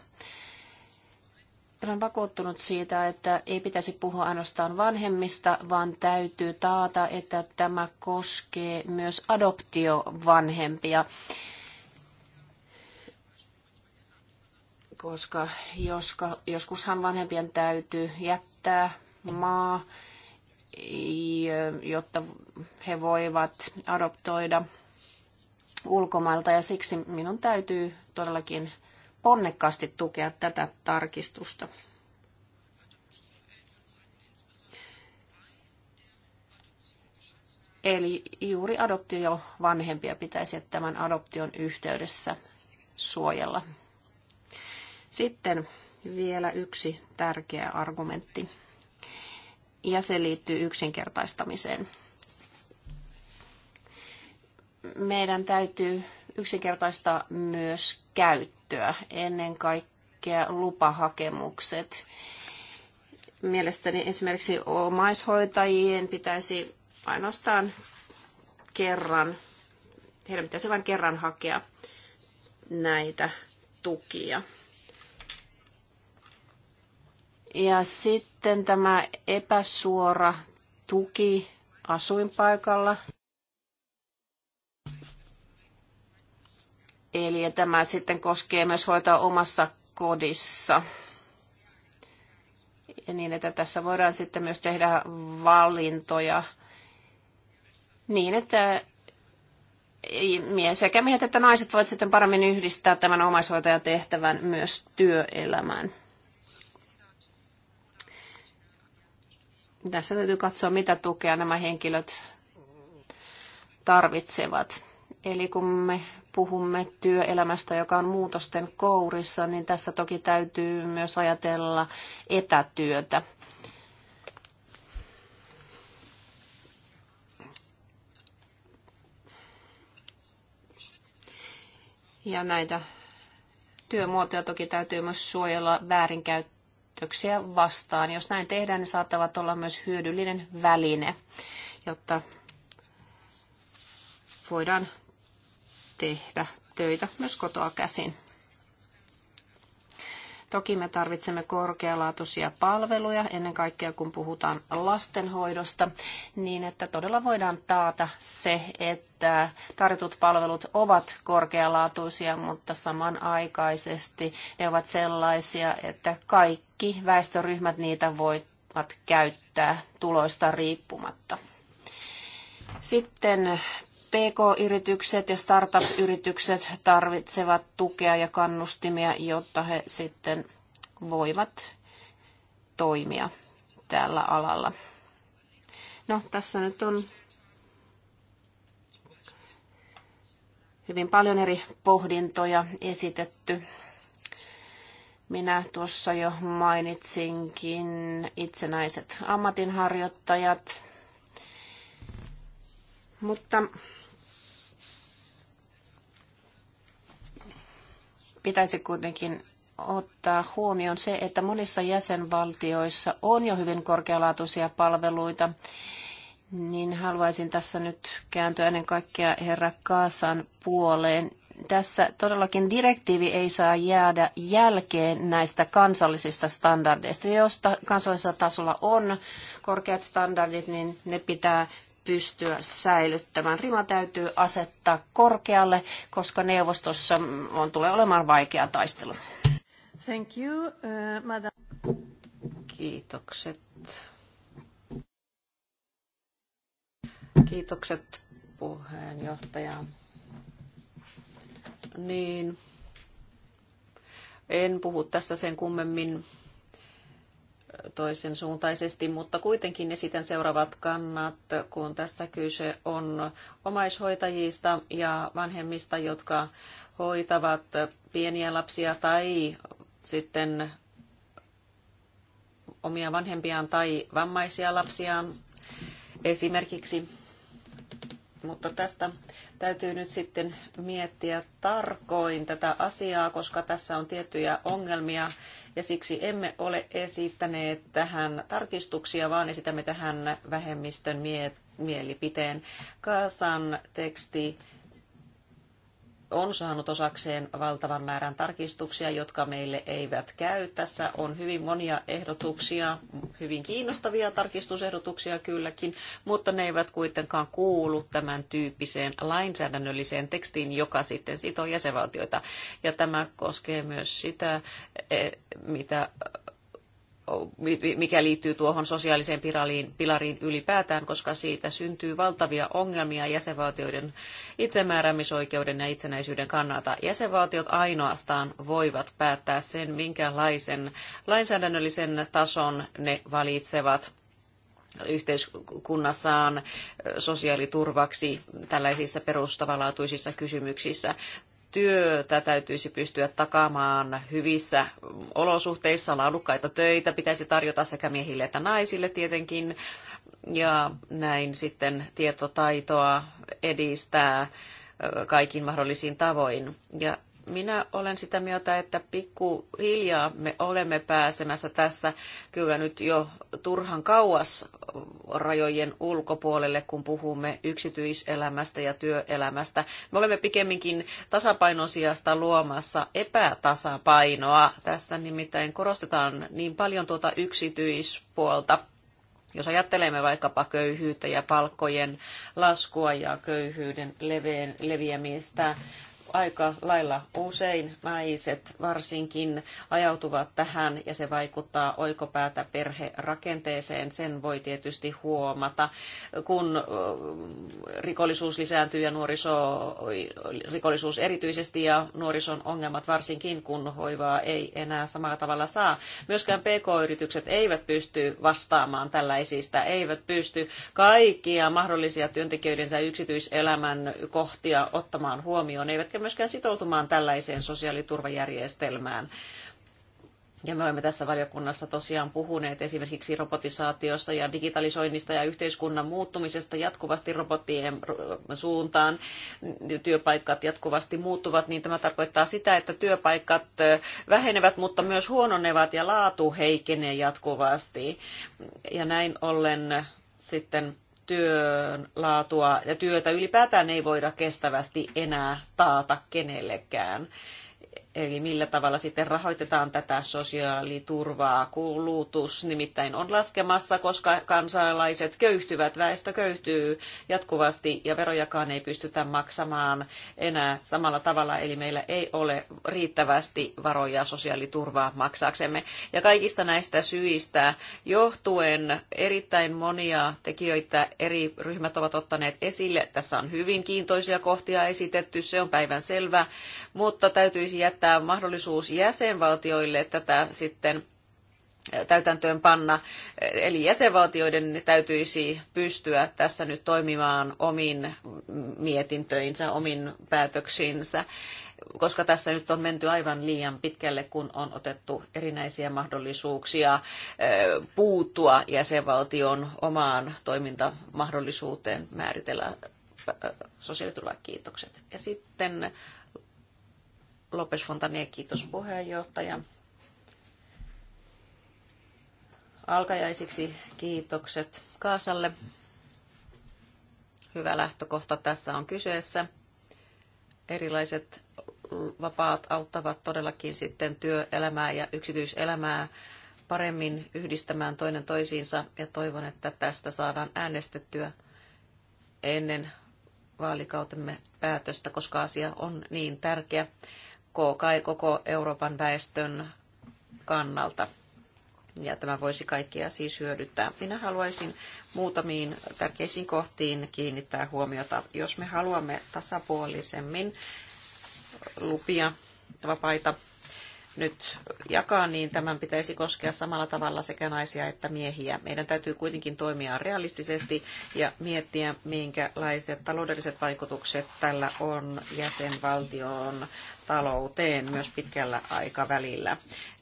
Olen vakuuttunut siitä, että ei pitäisi puhua ainoastaan vanhemmista, vaan täytyy taata, että tämä koskee myös adoptiovanhempia. Koska joskus, joskushan vanhempien täytyy jättää maa jotta he voivat adoptoida ulkomailta ja siksi minun täytyy todellakin ponnekkaasti tukea tätä tarkistusta. Eli juuri adoptio vanhempia pitäisi tämän adoption yhteydessä suojella. Sitten vielä yksi tärkeä argumentti ja se liittyy yksinkertaistamiseen. Meidän täytyy yksinkertaistaa myös käyttöä, ennen kaikkea lupahakemukset. Mielestäni esimerkiksi omaishoitajien pitäisi ainoastaan kerran, heidän pitäisi vain kerran hakea näitä tukia. Ja sitten tämä epäsuora tuki asuinpaikalla. Eli tämä sitten koskee myös hoitaa omassa kodissa. Ja niin, että tässä voidaan sitten myös tehdä valintoja niin, että sekä miehet että naiset voivat sitten paremmin yhdistää tämän omaishoitajan tehtävän myös työelämään. Tässä täytyy katsoa, mitä tukea nämä henkilöt tarvitsevat. Eli kun me puhumme työelämästä, joka on muutosten kourissa, niin tässä toki täytyy myös ajatella etätyötä. Ja näitä työmuotoja toki täytyy myös suojella väärinkäyttöä käyttöksiä vastaan. Jos näin tehdään, ne saattavat olla myös hyödyllinen väline, jotta voidaan tehdä töitä myös kotoa käsin. Toki me tarvitsemme korkealaatuisia palveluja, ennen kaikkea kun puhutaan lastenhoidosta, niin että todella voidaan taata se, että tarjotut palvelut ovat korkealaatuisia, mutta samanaikaisesti ne ovat sellaisia, että kaikki väestöryhmät niitä voivat käyttää tuloista riippumatta. Sitten PK-yritykset ja startup-yritykset tarvitsevat tukea ja kannustimia, jotta he sitten voivat toimia tällä alalla. No, tässä nyt on hyvin paljon eri pohdintoja esitetty. Minä tuossa jo mainitsinkin itsenäiset ammatinharjoittajat, mutta pitäisi kuitenkin ottaa huomioon se, että monissa jäsenvaltioissa on jo hyvin korkealaatuisia palveluita, niin haluaisin tässä nyt kääntyä ennen kaikkea herra Kaasan puoleen. Tässä todellakin direktiivi ei saa jäädä jälkeen näistä kansallisista standardeista. Jos kansallisella tasolla on korkeat standardit, niin ne pitää pystyä säilyttämään. Rima täytyy asettaa korkealle, koska neuvostossa on, tulee olemaan vaikea taistelu. Thank you, uh, madam. Kiitokset. Kiitokset puheenjohtaja. Niin, en puhu tässä sen kummemmin toisen suuntaisesti, mutta kuitenkin esitän seuraavat kannat, kun tässä kyse on omaishoitajista ja vanhemmista, jotka hoitavat pieniä lapsia tai sitten omia vanhempiaan tai vammaisia lapsiaan esimerkiksi. Mutta tästä Täytyy nyt sitten miettiä tarkoin tätä asiaa, koska tässä on tiettyjä ongelmia ja siksi emme ole esittäneet tähän tarkistuksia, vaan esitämme tähän vähemmistön mie- mielipiteen. Kaasan teksti on saanut osakseen valtavan määrän tarkistuksia, jotka meille eivät käy. Tässä on hyvin monia ehdotuksia, hyvin kiinnostavia tarkistusehdotuksia kylläkin, mutta ne eivät kuitenkaan kuulu tämän tyyppiseen lainsäädännölliseen tekstiin, joka sitten sitoo jäsenvaltioita. Ja tämä koskee myös sitä, e, mitä mikä liittyy tuohon sosiaaliseen piraliin, pilariin ylipäätään, koska siitä syntyy valtavia ongelmia jäsenvaltioiden itsemääräämisoikeuden ja itsenäisyyden kannalta. Jäsenvaltiot ainoastaan voivat päättää sen, minkälaisen lainsäädännöllisen tason ne valitsevat yhteiskunnassaan sosiaaliturvaksi tällaisissa perustavanlaatuisissa kysymyksissä työtä täytyisi pystyä takaamaan hyvissä olosuhteissa, laadukkaita töitä pitäisi tarjota sekä miehille että naisille tietenkin, ja näin sitten tietotaitoa edistää kaikin mahdollisiin tavoin. Ja minä olen sitä mieltä, että pikkuhiljaa me olemme pääsemässä tässä kyllä nyt jo turhan kauas rajojen ulkopuolelle, kun puhumme yksityiselämästä ja työelämästä. Me olemme pikemminkin tasapainon sijasta luomassa epätasapainoa. Tässä nimittäin korostetaan niin paljon tuota yksityispuolta jos ajattelemme vaikkapa köyhyyttä ja palkkojen laskua ja köyhyyden leveen, leviämistä aika lailla usein naiset varsinkin ajautuvat tähän ja se vaikuttaa oikopäätä perherakenteeseen. Sen voi tietysti huomata, kun rikollisuus lisääntyy ja nuoriso rikollisuus erityisesti ja nuorison ongelmat varsinkin, kun hoivaa ei enää samalla tavalla saa. Myöskään PK-yritykset eivät pysty vastaamaan tällaisista, eivät pysty kaikkia mahdollisia työntekijöidensä yksityiselämän kohtia ottamaan huomioon, eivätkä myöskään sitoutumaan tällaiseen sosiaaliturvajärjestelmään. Ja me olemme tässä valiokunnassa tosiaan puhuneet esimerkiksi robotisaatiosta ja digitalisoinnista ja yhteiskunnan muuttumisesta jatkuvasti robottien suuntaan. Työpaikat jatkuvasti muuttuvat, niin tämä tarkoittaa sitä, että työpaikat vähenevät, mutta myös huononevat ja laatu heikenee jatkuvasti. Ja näin ollen sitten työn laatua ja työtä ylipäätään ei voida kestävästi enää taata kenellekään. Eli millä tavalla sitten rahoitetaan tätä sosiaaliturvaa. Kulutus nimittäin on laskemassa, koska kansalaiset köyhtyvät, väestö köyhtyy jatkuvasti ja verojakaan ei pystytä maksamaan enää samalla tavalla. Eli meillä ei ole riittävästi varoja sosiaaliturvaa maksaaksemme. Ja kaikista näistä syistä johtuen erittäin monia tekijöitä eri ryhmät ovat ottaneet esille. Tässä on hyvin kiintoisia kohtia esitetty, se on päivän selvä, mutta täytyisi tulisi jättää mahdollisuus jäsenvaltioille tätä sitten täytäntöön panna. Eli jäsenvaltioiden täytyisi pystyä tässä nyt toimimaan omin mietintöinsä, omin päätöksinsä, koska tässä nyt on menty aivan liian pitkälle, kun on otettu erinäisiä mahdollisuuksia puuttua jäsenvaltion omaan toimintamahdollisuuteen määritellä sosiaaliturvakiitokset. Ja sitten Lopes Fontania, kiitos puheenjohtaja. Alkajaisiksi kiitokset Kaasalle. Hyvä lähtökohta tässä on kyseessä. Erilaiset vapaat auttavat todellakin sitten työelämää ja yksityiselämää paremmin yhdistämään toinen toisiinsa ja toivon, että tästä saadaan äänestettyä ennen vaalikautemme päätöstä, koska asia on niin tärkeä koko, kai koko Euroopan väestön kannalta. Ja tämä voisi kaikkia siis hyödyttää. Minä haluaisin muutamiin tärkeisiin kohtiin kiinnittää huomiota. Jos me haluamme tasapuolisemmin lupia vapaita nyt jakaa, niin tämän pitäisi koskea samalla tavalla sekä naisia että miehiä. Meidän täytyy kuitenkin toimia realistisesti ja miettiä, minkälaiset taloudelliset vaikutukset tällä on jäsenvaltion talouteen myös pitkällä aikavälillä.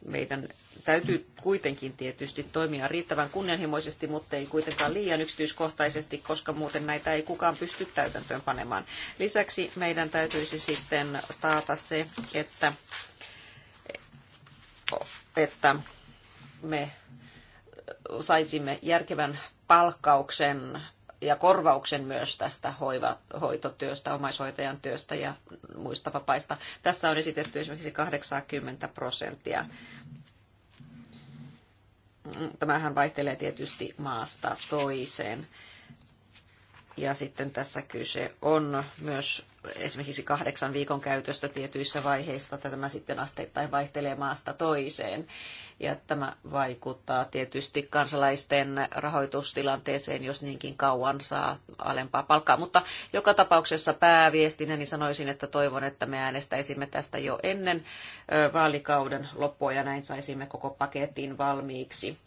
Meidän täytyy kuitenkin tietysti toimia riittävän kunnianhimoisesti, mutta ei kuitenkaan liian yksityiskohtaisesti, koska muuten näitä ei kukaan pysty täytäntöön panemaan. Lisäksi meidän täytyisi sitten taata se, että, että me saisimme järkevän palkkauksen ja korvauksen myös tästä hoiva, hoitotyöstä, omaishoitajan työstä ja muista vapaista. Tässä on esitetty esimerkiksi 80 prosenttia. Tämähän vaihtelee tietysti maasta toiseen. Ja sitten tässä kyse on myös esimerkiksi kahdeksan viikon käytöstä tietyissä vaiheissa, että tämä sitten asteittain vaihtelee maasta toiseen. Ja tämä vaikuttaa tietysti kansalaisten rahoitustilanteeseen, jos niinkin kauan saa alempaa palkkaa. Mutta joka tapauksessa pääviestinä niin sanoisin, että toivon, että me äänestäisimme tästä jo ennen vaalikauden loppua ja näin saisimme koko paketin valmiiksi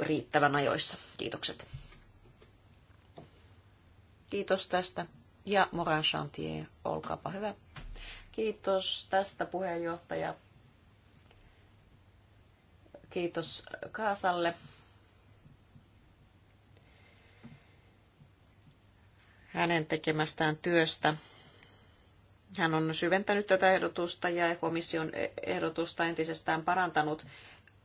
riittävän ajoissa. Kiitokset. Kiitos tästä. Ja Moran Chantier, olkaapa hyvä. Kiitos tästä puheenjohtaja. Kiitos Kaasalle. hänen tekemästään työstä. Hän on syventänyt tätä ehdotusta ja komission ehdotusta entisestään parantanut.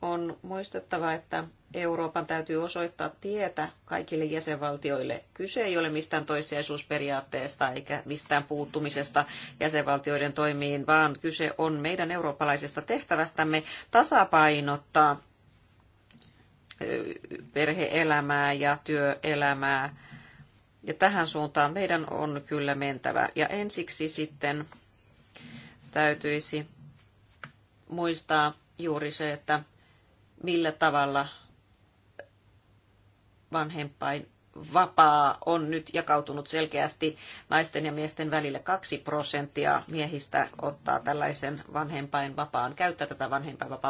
On muistettava, että Euroopan täytyy osoittaa tietä kaikille jäsenvaltioille. Kyse ei ole mistään toissijaisuusperiaatteesta eikä mistään puuttumisesta jäsenvaltioiden toimiin, vaan kyse on meidän eurooppalaisesta tehtävästämme tasapainottaa perheelämää ja työelämää. Ja tähän suuntaan meidän on kyllä mentävä. Ja ensiksi sitten täytyisi muistaa juuri se, että millä tavalla vanhempain vapaa on nyt jakautunut selkeästi naisten ja miesten välille. Kaksi prosenttia miehistä ottaa tällaisen vanhempain vapaan, käyttää tätä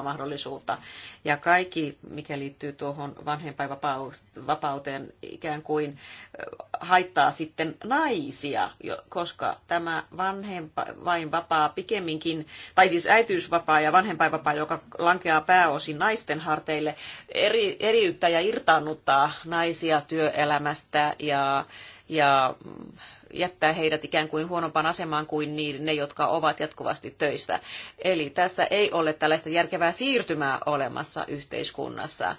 mahdollisuutta. Ja kaikki, mikä liittyy tuohon vanhempainvapauteen, ikään kuin haittaa sitten naisia, koska tämä vanhempainvapaa pikemminkin, tai siis äitiysvapaa ja vanhempainvapaa, joka lankeaa pääosin naisten harteille, eri, eriyttää ja irtaannuttaa naisia työelämään elämästä ja, ja jättää heidät ikään kuin huonompaan asemaan kuin ne, jotka ovat jatkuvasti töissä. Eli tässä ei ole tällaista järkevää siirtymää olemassa yhteiskunnassa.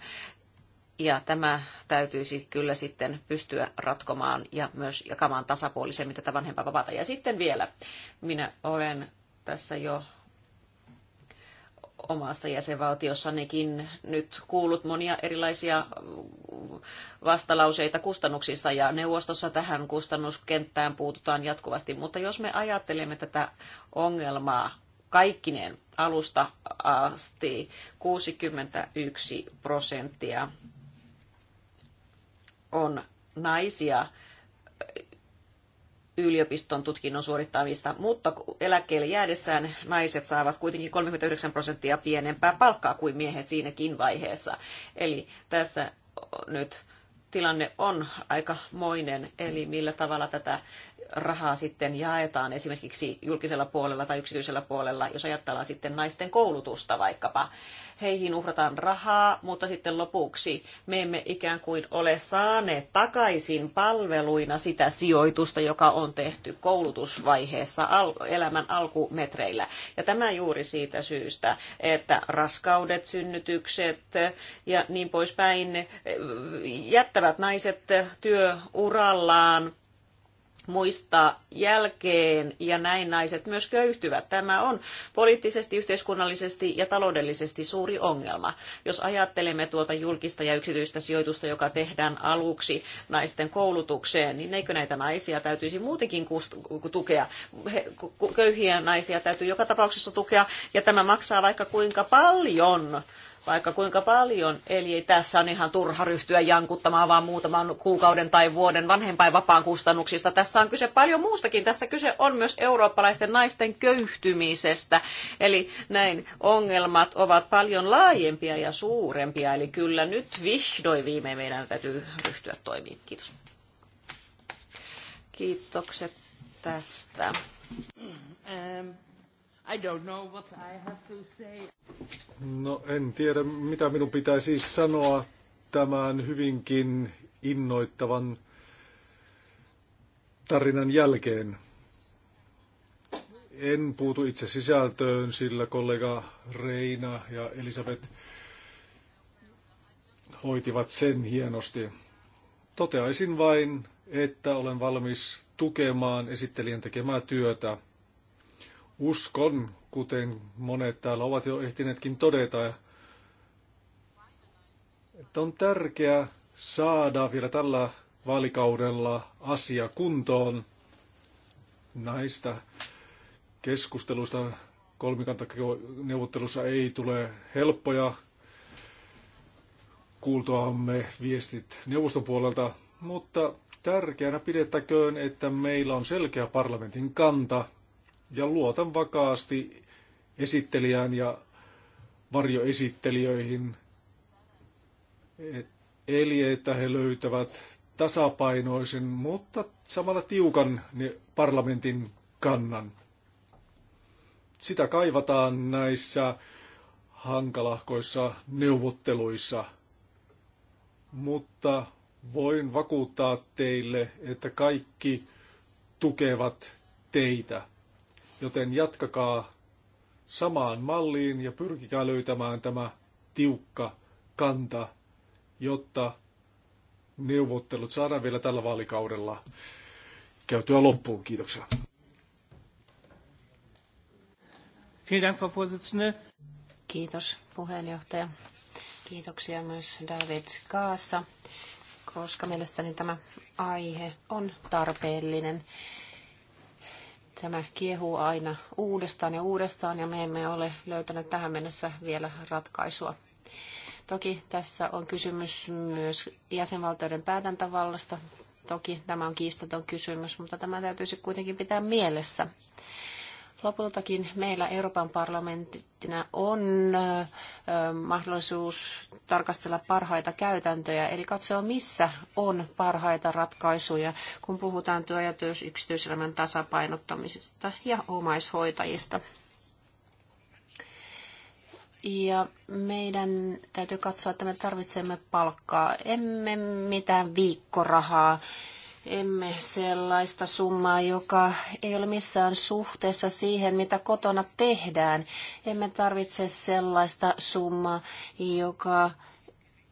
Ja tämä täytyisi kyllä sitten pystyä ratkomaan ja myös jakamaan tasapuolisemmin tätä vanhempaa vapaata. Ja sitten vielä, minä olen tässä jo omassa jäsenvaltiossanikin nyt kuullut monia erilaisia vastalauseita kustannuksista ja neuvostossa tähän kustannuskenttään puututaan jatkuvasti. Mutta jos me ajattelemme tätä ongelmaa kaikkineen alusta asti 61 prosenttia on naisia yliopiston tutkinnon suorittavista, mutta eläkkeelle jäädessään naiset saavat kuitenkin 39 prosenttia pienempää palkkaa kuin miehet siinäkin vaiheessa. Eli tässä nyt tilanne on aikamoinen, eli millä tavalla tätä rahaa sitten jaetaan esimerkiksi julkisella puolella tai yksityisellä puolella, jos ajatellaan sitten naisten koulutusta vaikkapa. Heihin uhrataan rahaa, mutta sitten lopuksi me emme ikään kuin ole saaneet takaisin palveluina sitä sijoitusta, joka on tehty koulutusvaiheessa elämän alkumetreillä. Ja tämä juuri siitä syystä, että raskaudet, synnytykset ja niin poispäin jättävät naiset työurallaan muistaa jälkeen ja näin naiset myös köyhtyvät. Tämä on poliittisesti, yhteiskunnallisesti ja taloudellisesti suuri ongelma. Jos ajattelemme tuota julkista ja yksityistä sijoitusta, joka tehdään aluksi naisten koulutukseen, niin eikö näitä naisia täytyisi muutenkin tukea? köyhiä naisia täytyy joka tapauksessa tukea ja tämä maksaa vaikka kuinka paljon vaikka kuinka paljon. Eli tässä on ihan turha ryhtyä jankuttamaan vaan muutaman kuukauden tai vuoden vanhempainvapaan kustannuksista. Tässä on kyse paljon muustakin. Tässä kyse on myös eurooppalaisten naisten köyhtymisestä. Eli näin ongelmat ovat paljon laajempia ja suurempia. Eli kyllä nyt vihdoin viimein meidän täytyy ryhtyä toimiin. Kiitos. Kiitokset tästä. Mm, I don't know what I have to say. No en tiedä, mitä minun pitää siis sanoa tämän hyvinkin innoittavan tarinan jälkeen. En puutu itse sisältöön, sillä kollega Reina ja Elisabeth hoitivat sen hienosti. Toteaisin vain, että olen valmis tukemaan esittelijän tekemää työtä uskon, kuten monet täällä ovat jo ehtineetkin todeta, että on tärkeää saada vielä tällä vaalikaudella asia kuntoon näistä keskusteluista. Kolmikantaneuvottelussa ei tule helppoja kuultuamme viestit neuvoston puolelta, mutta tärkeänä pidettäköön, että meillä on selkeä parlamentin kanta ja luotan vakaasti esittelijään ja varjoesittelijöihin, eli että he löytävät tasapainoisen, mutta samalla tiukan parlamentin kannan. Sitä kaivataan näissä hankalahkoissa neuvotteluissa, mutta voin vakuuttaa teille, että kaikki tukevat teitä. Joten jatkakaa samaan malliin ja pyrkikää löytämään tämä tiukka kanta, jotta neuvottelut saadaan vielä tällä vaalikaudella käytyä loppuun. Kiitoksia. Kiitos puheenjohtaja. Kiitoksia myös David Kaassa, koska mielestäni tämä aihe on tarpeellinen Tämä kiehuu aina uudestaan ja uudestaan ja me emme ole löytäneet tähän mennessä vielä ratkaisua. Toki tässä on kysymys myös jäsenvaltioiden päätäntävallasta. Toki tämä on kiistaton kysymys, mutta tämä täytyisi kuitenkin pitää mielessä. Lopultakin meillä Euroopan parlamenttina on mahdollisuus tarkastella parhaita käytäntöjä, eli katsoa missä on parhaita ratkaisuja, kun puhutaan työ- ja yksityiselämän tasapainottamisesta ja omaishoitajista. Ja meidän täytyy katsoa, että me tarvitsemme palkkaa, emme mitään viikkorahaa emme sellaista summaa, joka ei ole missään suhteessa siihen, mitä kotona tehdään. Emme tarvitse sellaista summaa, joka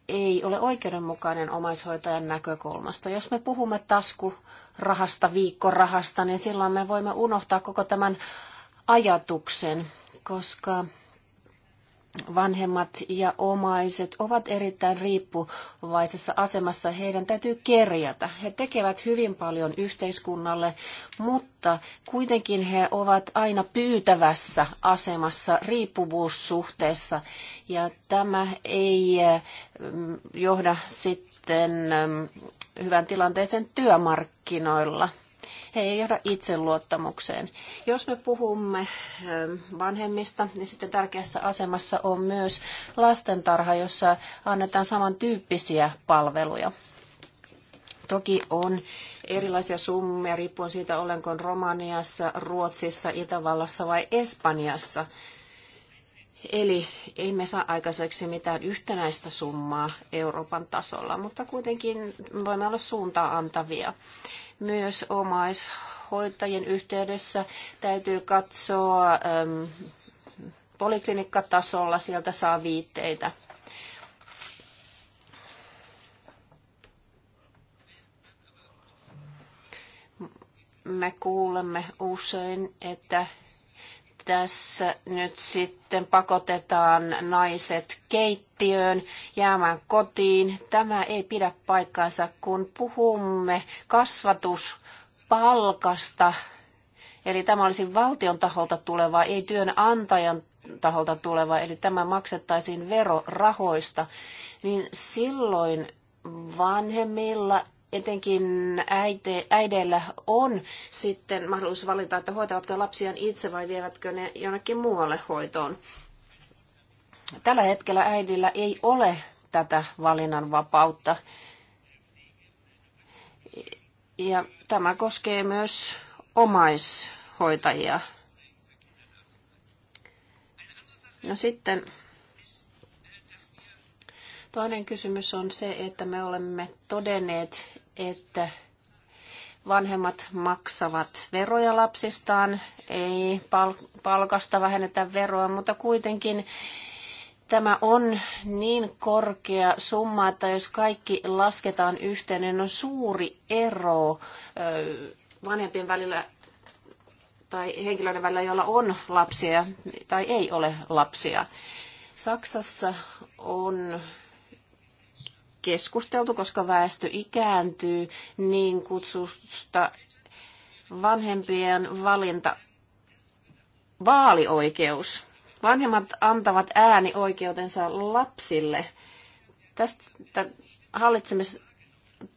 ei ole oikeudenmukainen omaishoitajan näkökulmasta. Jos me puhumme taskurahasta, viikkorahasta, niin silloin me voimme unohtaa koko tämän ajatuksen, koska vanhemmat ja omaiset ovat erittäin riippuvaisessa asemassa. Heidän täytyy kerjätä. He tekevät hyvin paljon yhteiskunnalle, mutta kuitenkin he ovat aina pyytävässä asemassa riippuvuussuhteessa. Ja tämä ei mm, johda sitten mm, hyvän tilanteeseen työmarkkinoilla – he ei johda itseluottamukseen. Jos me puhumme ähm, vanhemmista, niin sitten tärkeässä asemassa on myös lastentarha, jossa annetaan samantyyppisiä palveluja. Toki on erilaisia summia riippuen siitä, olenko Romaniassa, Ruotsissa, Itävallassa vai Espanjassa. Eli ei me saa aikaiseksi mitään yhtenäistä summaa Euroopan tasolla, mutta kuitenkin voimme olla suuntaa antavia. Myös omaishoitajien yhteydessä täytyy katsoa äm, poliklinikkatasolla, sieltä saa viitteitä. Me kuulemme usein, että tässä nyt sitten pakotetaan naiset keittiöön jäämään kotiin. Tämä ei pidä paikkaansa, kun puhumme kasvatuspalkasta. Eli tämä olisi valtion taholta tuleva, ei työnantajan taholta tuleva, eli tämä maksettaisiin verorahoista, niin silloin vanhemmilla etenkin äite, äideillä on sitten mahdollisuus valita, että hoitavatko lapsiaan itse vai vievätkö ne jonnekin muualle hoitoon. Tällä hetkellä äidillä ei ole tätä valinnanvapautta. Ja tämä koskee myös omaishoitajia. No sitten Toinen kysymys on se, että me olemme todenneet, että vanhemmat maksavat veroja lapsistaan, ei palkasta vähennetä veroa, mutta kuitenkin tämä on niin korkea summa, että jos kaikki lasketaan yhteen, niin on suuri ero vanhempien välillä tai henkilöiden välillä, joilla on lapsia tai ei ole lapsia. Saksassa on keskusteltu, koska väestö ikääntyy, niin kutsusta vanhempien valinta vaalioikeus. Vanhemmat antavat äänioikeutensa lapsille. Tästä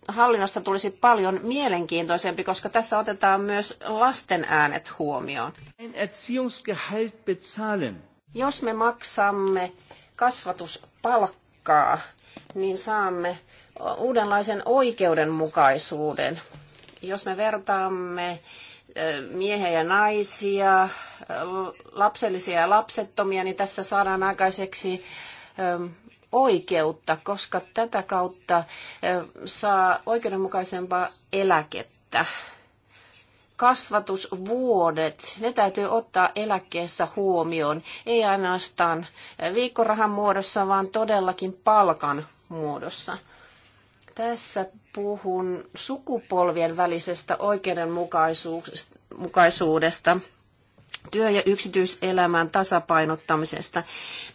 hallinnosta tulisi paljon mielenkiintoisempi, koska tässä otetaan myös lasten äänet huomioon. Jos me maksamme kasvatuspalkkaa niin saamme uudenlaisen oikeudenmukaisuuden. Jos me vertaamme miehiä ja naisia, lapsellisia ja lapsettomia, niin tässä saadaan aikaiseksi oikeutta, koska tätä kautta saa oikeudenmukaisempaa eläkettä kasvatusvuodet, ne täytyy ottaa eläkkeessä huomioon, ei ainoastaan viikkorahan muodossa, vaan todellakin palkan muodossa. Tässä puhun sukupolvien välisestä oikeudenmukaisuudesta, työ- ja yksityiselämän tasapainottamisesta.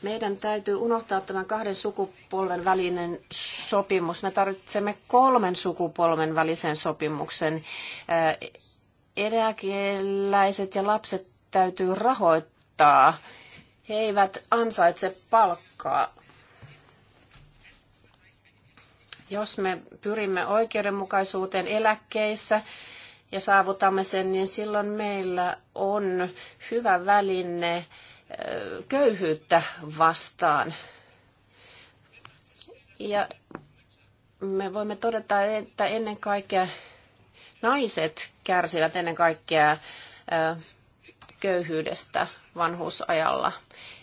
Meidän täytyy unohtaa tämän kahden sukupolven välinen sopimus. Me tarvitsemme kolmen sukupolven välisen sopimuksen eräkieläiset ja lapset täytyy rahoittaa. He eivät ansaitse palkkaa. Jos me pyrimme oikeudenmukaisuuteen eläkkeissä ja saavutamme sen, niin silloin meillä on hyvä väline köyhyyttä vastaan. Ja me voimme todeta, että ennen kaikkea naiset kärsivät ennen kaikkea köyhyydestä vanhuusajalla.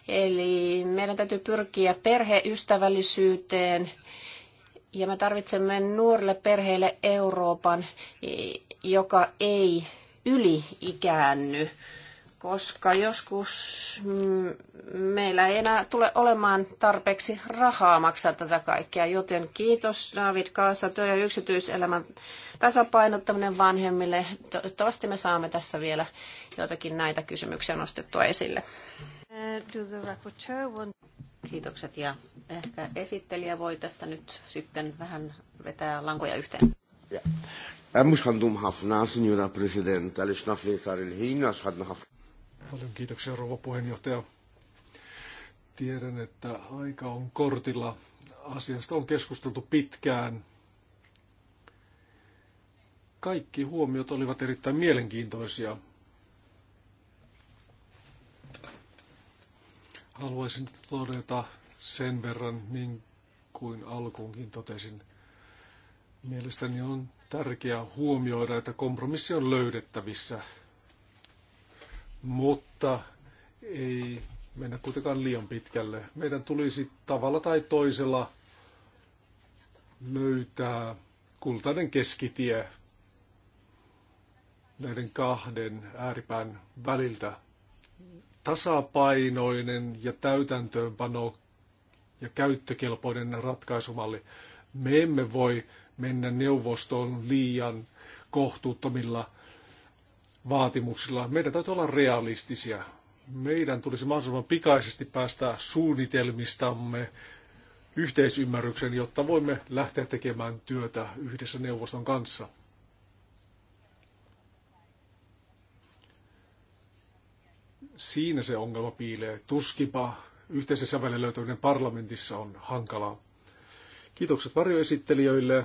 Eli meidän täytyy pyrkiä perheystävällisyyteen ja me tarvitsemme nuorille perheille Euroopan, joka ei yliikäänny koska joskus meillä ei enää tule olemaan tarpeeksi rahaa maksaa tätä kaikkea. Joten kiitos David Kaasa, työ- ja yksityiselämän tasapainottaminen vanhemmille. Toivottavasti me saamme tässä vielä joitakin näitä kysymyksiä nostettua esille. Kiitokset ja ehkä esittelijä voi tässä nyt sitten vähän vetää lankoja yhteen. Yeah. مش هنضم حفنا سنيورا بريسيدنت علاش نفلي صار الهين علاش Paljon kiitoksia rouva puheenjohtaja. Tiedän, että aika on kortilla. Asiasta on keskusteltu pitkään. Kaikki huomiot olivat erittäin mielenkiintoisia. Haluaisin todeta sen verran, niin kuin alkuunkin totesin. Mielestäni on tärkeää huomioida, että kompromissi on löydettävissä – mutta ei mennä kuitenkaan liian pitkälle. Meidän tulisi tavalla tai toisella löytää kultainen keskitie näiden kahden ääripään väliltä. Tasapainoinen ja täytäntöönpano ja käyttökelpoinen ratkaisumalli. Me emme voi mennä neuvostoon liian kohtuuttomilla vaatimuksilla. Meidän täytyy olla realistisia. Meidän tulisi mahdollisimman pikaisesti päästä suunnitelmistamme yhteisymmärryksen, jotta voimme lähteä tekemään työtä yhdessä neuvoston kanssa. Siinä se ongelma piilee. Tuskipa yhteisen sävelen löytäminen parlamentissa on hankalaa. Kiitokset varjoesittelijöille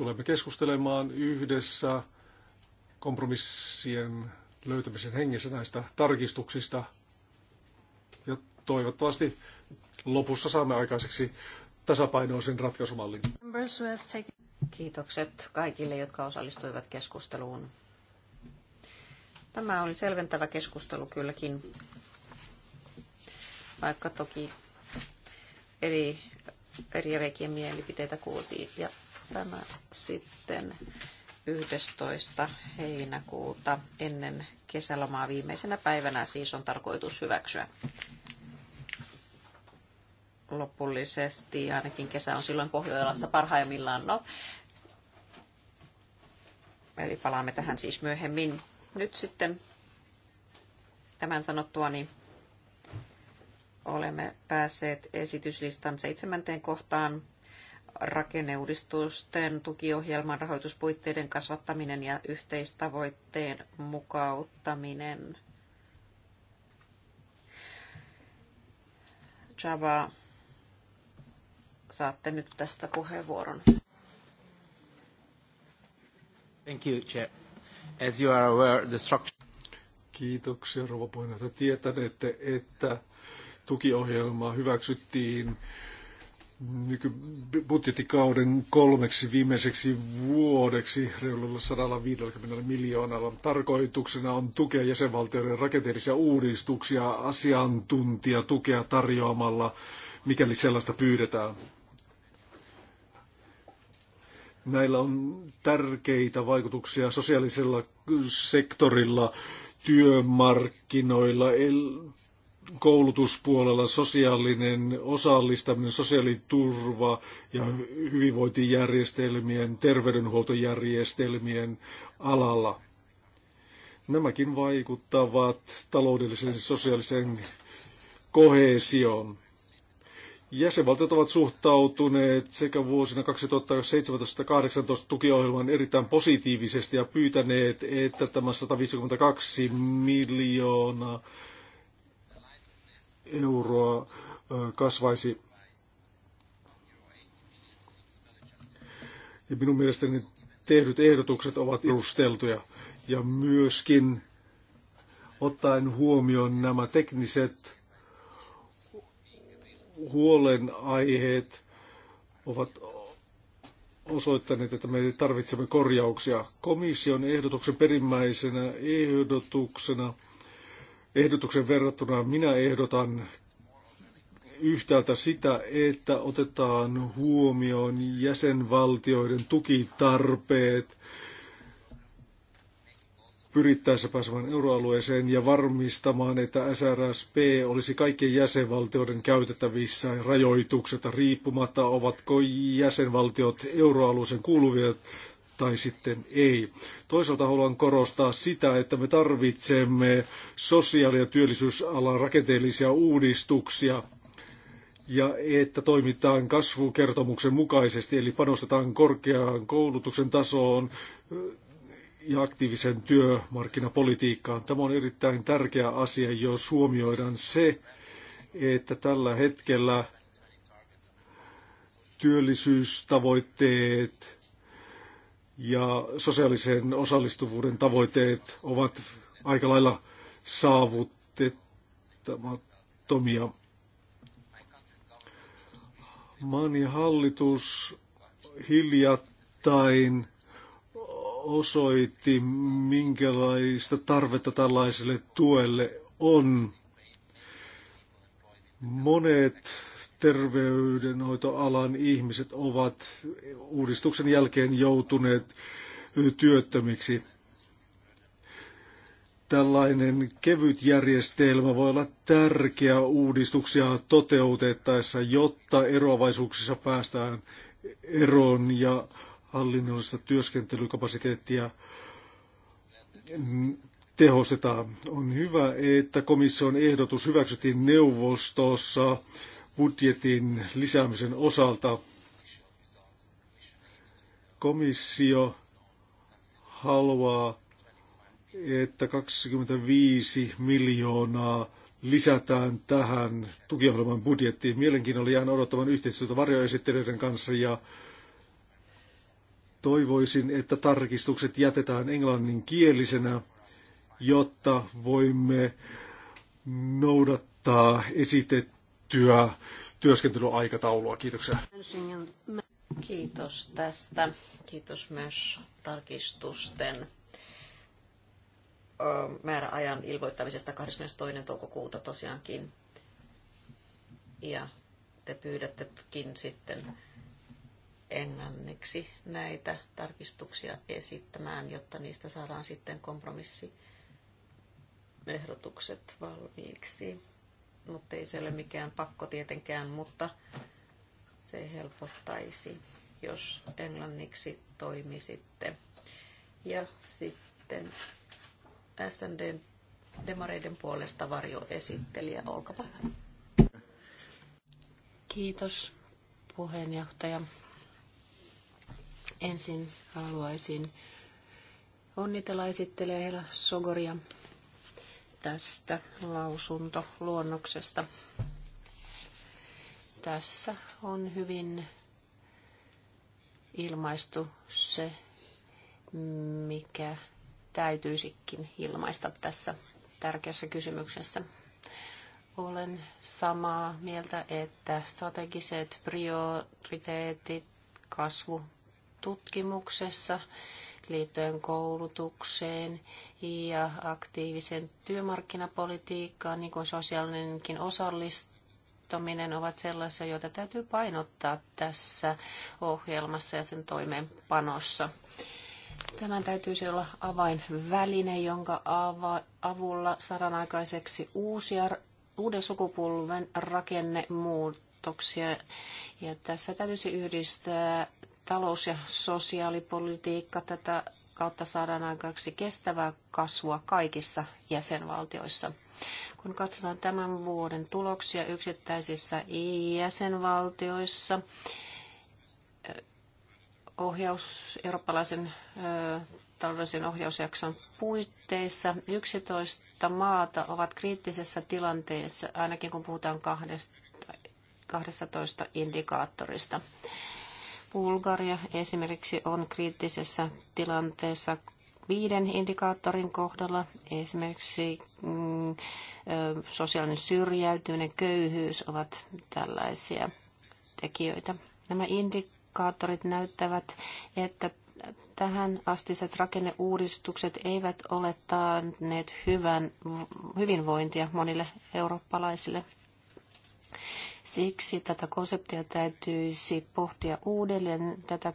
tulemme keskustelemaan yhdessä kompromissien löytämisen hengessä näistä tarkistuksista. Ja toivottavasti lopussa saamme aikaiseksi tasapainoisen ratkaisumallin. Kiitokset kaikille, jotka osallistuivat keskusteluun. Tämä oli selventävä keskustelu kylläkin, vaikka toki eri, eri reikien mielipiteitä kuultiin. Ja tämä sitten 11. heinäkuuta ennen kesälomaa viimeisenä päivänä siis on tarkoitus hyväksyä lopullisesti. Ainakin kesä on silloin Pohjoilassa parhaimmillaan. No. Eli palaamme tähän siis myöhemmin. Nyt sitten tämän sanottua niin olemme päässeet esityslistan seitsemänteen kohtaan rakenneuudistusten tukiohjelman rahoituspuitteiden kasvattaminen ja yhteistavoitteen mukauttaminen. Java, saatte nyt tästä puheenvuoron. Thank you, Chair. As you are aware, the structure... Kiitoksia, rouva puheenjohtaja. Tietänette, että tukiohjelma hyväksyttiin nykybudjettikauden kolmeksi viimeiseksi vuodeksi reilulla 150 miljoonalla. Tarkoituksena on tukea jäsenvaltioiden rakenteellisia uudistuksia asiantuntijatukea tarjoamalla, mikäli sellaista pyydetään. Näillä on tärkeitä vaikutuksia sosiaalisella sektorilla, työmarkkinoilla, koulutuspuolella sosiaalinen osallistaminen, sosiaaliturva ja hyvinvointijärjestelmien, terveydenhuoltojärjestelmien alalla. Nämäkin vaikuttavat taloudelliseen ja sosiaaliseen kohesioon. Jäsenvaltiot ovat suhtautuneet sekä vuosina 2017-2018 tukiohjelman erittäin positiivisesti ja pyytäneet, että tämä 152 miljoonaa euroa kasvaisi. Ja minun mielestäni tehdyt ehdotukset ovat perusteltuja. Ja myöskin ottaen huomioon nämä tekniset huolenaiheet ovat osoittaneet, että me tarvitsemme korjauksia. Komission ehdotuksen perimmäisenä ehdotuksena – ehdotuksen verrattuna minä ehdotan yhtäältä sitä, että otetaan huomioon jäsenvaltioiden tukitarpeet pyrittäessä pääsemään euroalueeseen ja varmistamaan, että SRSP olisi kaikkien jäsenvaltioiden käytettävissä rajoituksetta riippumatta, ovatko jäsenvaltiot euroalueeseen kuuluvia tai sitten ei. Toisaalta haluan korostaa sitä, että me tarvitsemme sosiaali- ja työllisyysalan rakenteellisia uudistuksia ja että toimitaan kasvukertomuksen mukaisesti, eli panostetaan korkeaan koulutuksen tasoon ja aktiivisen työmarkkinapolitiikkaan. Tämä on erittäin tärkeä asia, jos huomioidaan se, että tällä hetkellä työllisyystavoitteet ja sosiaalisen osallistuvuuden tavoitteet ovat aika lailla saavutettamattomia. ja hallitus hiljattain osoitti, minkälaista tarvetta tällaiselle tuelle on. Monet terveydenhoitoalan ihmiset ovat uudistuksen jälkeen joutuneet työttömiksi. Tällainen kevyt järjestelmä voi olla tärkeä uudistuksia toteutettaessa, jotta eroavaisuuksissa päästään eroon ja hallinnollista työskentelykapasiteettia tehostetaan. On hyvä, että komission ehdotus hyväksyttiin neuvostossa budjetin lisäämisen osalta. Komissio haluaa, että 25 miljoonaa lisätään tähän tukiohjelman budjettiin. Mielenkiinnolla jään odottavan yhteistyötä varjoesittelijöiden kanssa ja toivoisin, että tarkistukset jätetään englanninkielisenä, jotta voimme noudattaa esitettyä työ, työskentelyaikataulua. Kiitoksia. Kiitos tästä. Kiitos myös tarkistusten määräajan ilmoittamisesta 22. toukokuuta tosiaankin. Ja te pyydättekin sitten englanniksi näitä tarkistuksia esittämään, jotta niistä saadaan sitten kompromissi ehdotukset valmiiksi mutta ei se ole mikään pakko tietenkään, mutta se helpottaisi, jos englanniksi toimisitte. Ja sitten SND demareiden puolesta varjoesittelijä, olkapa Kiitos puheenjohtaja. Ensin haluaisin onnitella esittelijä Hela Sogoria tästä lausuntoluonnoksesta. Tässä on hyvin ilmaistu se, mikä täytyisikin ilmaista tässä tärkeässä kysymyksessä. Olen samaa mieltä, että strategiset prioriteetit kasvu tutkimuksessa liittyen koulutukseen ja aktiivisen työmarkkinapolitiikkaan, niin kuin sosiaalinenkin osallistuminen ovat sellaisia, joita täytyy painottaa tässä ohjelmassa ja sen toimeenpanossa. Tämän täytyisi olla avainväline, jonka avulla saadaan aikaiseksi uusia, uuden sukupolven rakennemuutoksia. Ja tässä täytyisi yhdistää talous- ja sosiaalipolitiikka. Tätä kautta saadaan aikaiseksi kestävää kasvua kaikissa jäsenvaltioissa. Kun katsotaan tämän vuoden tuloksia yksittäisissä jäsenvaltioissa, eh, ohjaus, eurooppalaisen eh, taloudellisen ohjausjakson puitteissa 11 maata ovat kriittisessä tilanteessa, ainakin kun puhutaan kahdesta 12 indikaattorista. Bulgaria esimerkiksi on kriittisessä tilanteessa viiden indikaattorin kohdalla, esimerkiksi mm, sosiaalinen syrjäytyminen, köyhyys ovat tällaisia tekijöitä. Nämä indikaattorit näyttävät, että tähän astiset rakenneuudistukset eivät ole taanneet hyvän, hyvinvointia monille eurooppalaisille. Siksi tätä konseptia täytyisi pohtia uudelleen. Tätä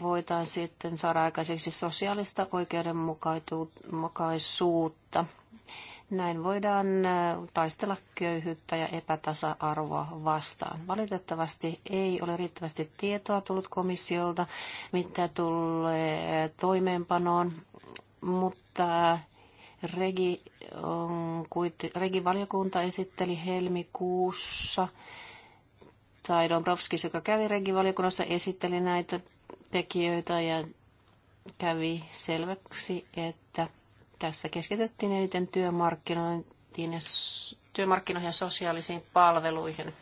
voitaan sitten saada aikaiseksi sosiaalista oikeudenmukaisuutta. Näin voidaan taistella köyhyyttä ja epätasa-arvoa vastaan. Valitettavasti ei ole riittävästi tietoa tullut komissiolta, mitä tulee toimeenpanoon, mutta Regi, on, regivaliokunta esitteli helmikuussa, tai Dombrovskis, joka kävi regivaliokunnassa, esitteli näitä tekijöitä ja kävi selväksi, että tässä keskityttiin eniten työmarkkinointiin ja, työmarkkinoihin ja sosiaalisiin palveluihin.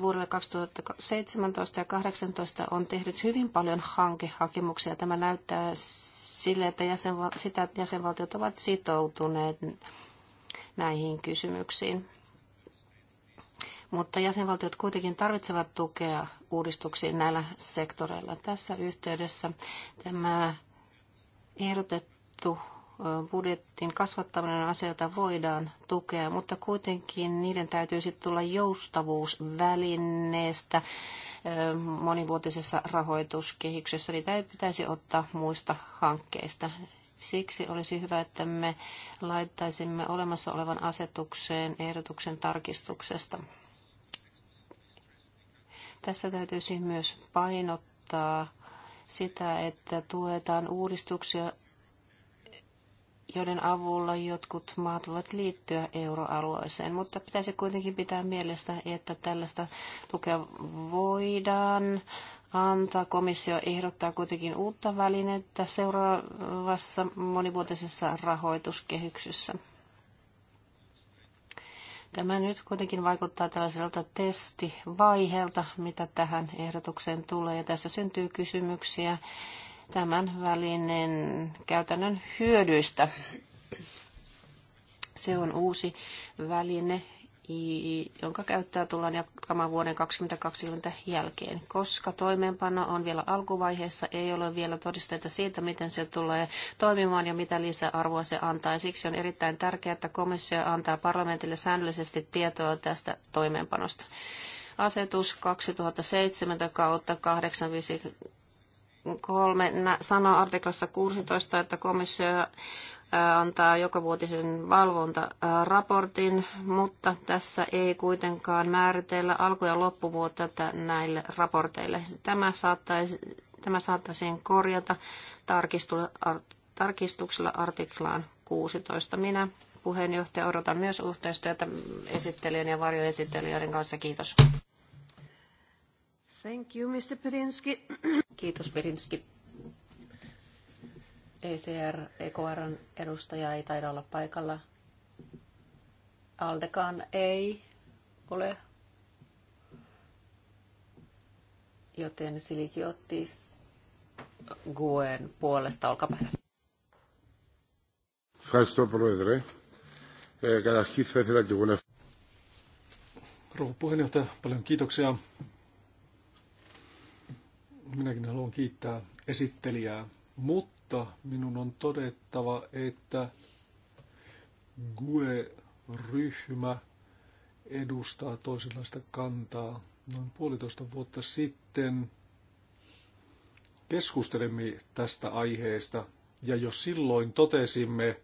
vuodelle 2017 ja 2018 on tehnyt hyvin paljon hankehakemuksia. Tämä näyttää sille, että jäsenval- sitä jäsenvaltiot ovat sitoutuneet näihin kysymyksiin. Mutta jäsenvaltiot kuitenkin tarvitsevat tukea uudistuksiin näillä sektoreilla. Tässä yhteydessä tämä ehdotettu budjetin kasvattaminen asioita voidaan tukea, mutta kuitenkin niiden täytyy sitten tulla joustavuusvälineestä monivuotisessa rahoituskehyksessä. Niitä ei pitäisi ottaa muista hankkeista. Siksi olisi hyvä, että me laittaisimme olemassa olevan asetukseen ehdotuksen tarkistuksesta. Tässä täytyisi myös painottaa sitä, että tuetaan uudistuksia joiden avulla jotkut maat voivat liittyä euroalueeseen, mutta pitäisi kuitenkin pitää mielessä, että tällaista tukea voidaan antaa. Komissio ehdottaa kuitenkin uutta välinettä seuraavassa monivuotisessa rahoituskehyksessä. Tämä nyt kuitenkin vaikuttaa tällaiselta testivaiheelta, mitä tähän ehdotukseen tulee, ja tässä syntyy kysymyksiä tämän välinen käytännön hyödyistä. Se on uusi väline, jonka käyttöä tullaan jatkamaan vuoden 2020 jälkeen. Koska toimeenpano on vielä alkuvaiheessa, ei ole vielä todisteita siitä, miten se tulee toimimaan ja mitä lisäarvoa se antaa. Siksi on erittäin tärkeää, että komissio antaa parlamentille säännöllisesti tietoa tästä toimeenpanosta. Asetus 2007 kautta 85. Kolme sanoo artiklassa 16, että komissio äh, antaa jokavuotisen valvontaraportin, mutta tässä ei kuitenkaan määritellä alku- ja loppuvuotta näille raporteille. Tämä, saattaisi, tämä saattaisi korjata tarkistuksella artiklaan 16. Minä puheenjohtaja odotan myös yhteistyötä esittelijän ja varjoesittelijöiden kanssa. Kiitos. Thank you, Mr. Kiitos, Pirinski. ECR, EKRn edustaja ei taida olla paikalla. Aldekaan ei ole. Joten Siliki Ottis Guen puolesta, Olkaa hyvä. Rouva puheenjohtaja, paljon kiitoksia. Minäkin haluan kiittää esittelijää, mutta minun on todettava, että GUE-ryhmä edustaa toisenlaista kantaa. Noin puolitoista vuotta sitten keskustelimme tästä aiheesta, ja jos silloin totesimme,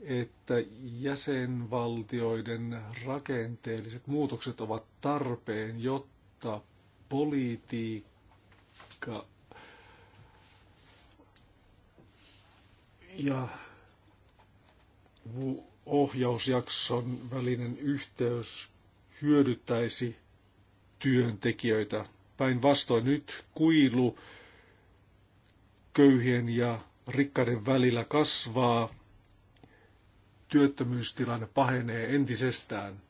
että jäsenvaltioiden rakenteelliset muutokset ovat tarpeen, jotta politiikka ja ohjausjakson välinen yhteys hyödyttäisi työntekijöitä. Päinvastoin nyt kuilu köyhien ja rikkaiden välillä kasvaa, työttömyystilanne pahenee entisestään.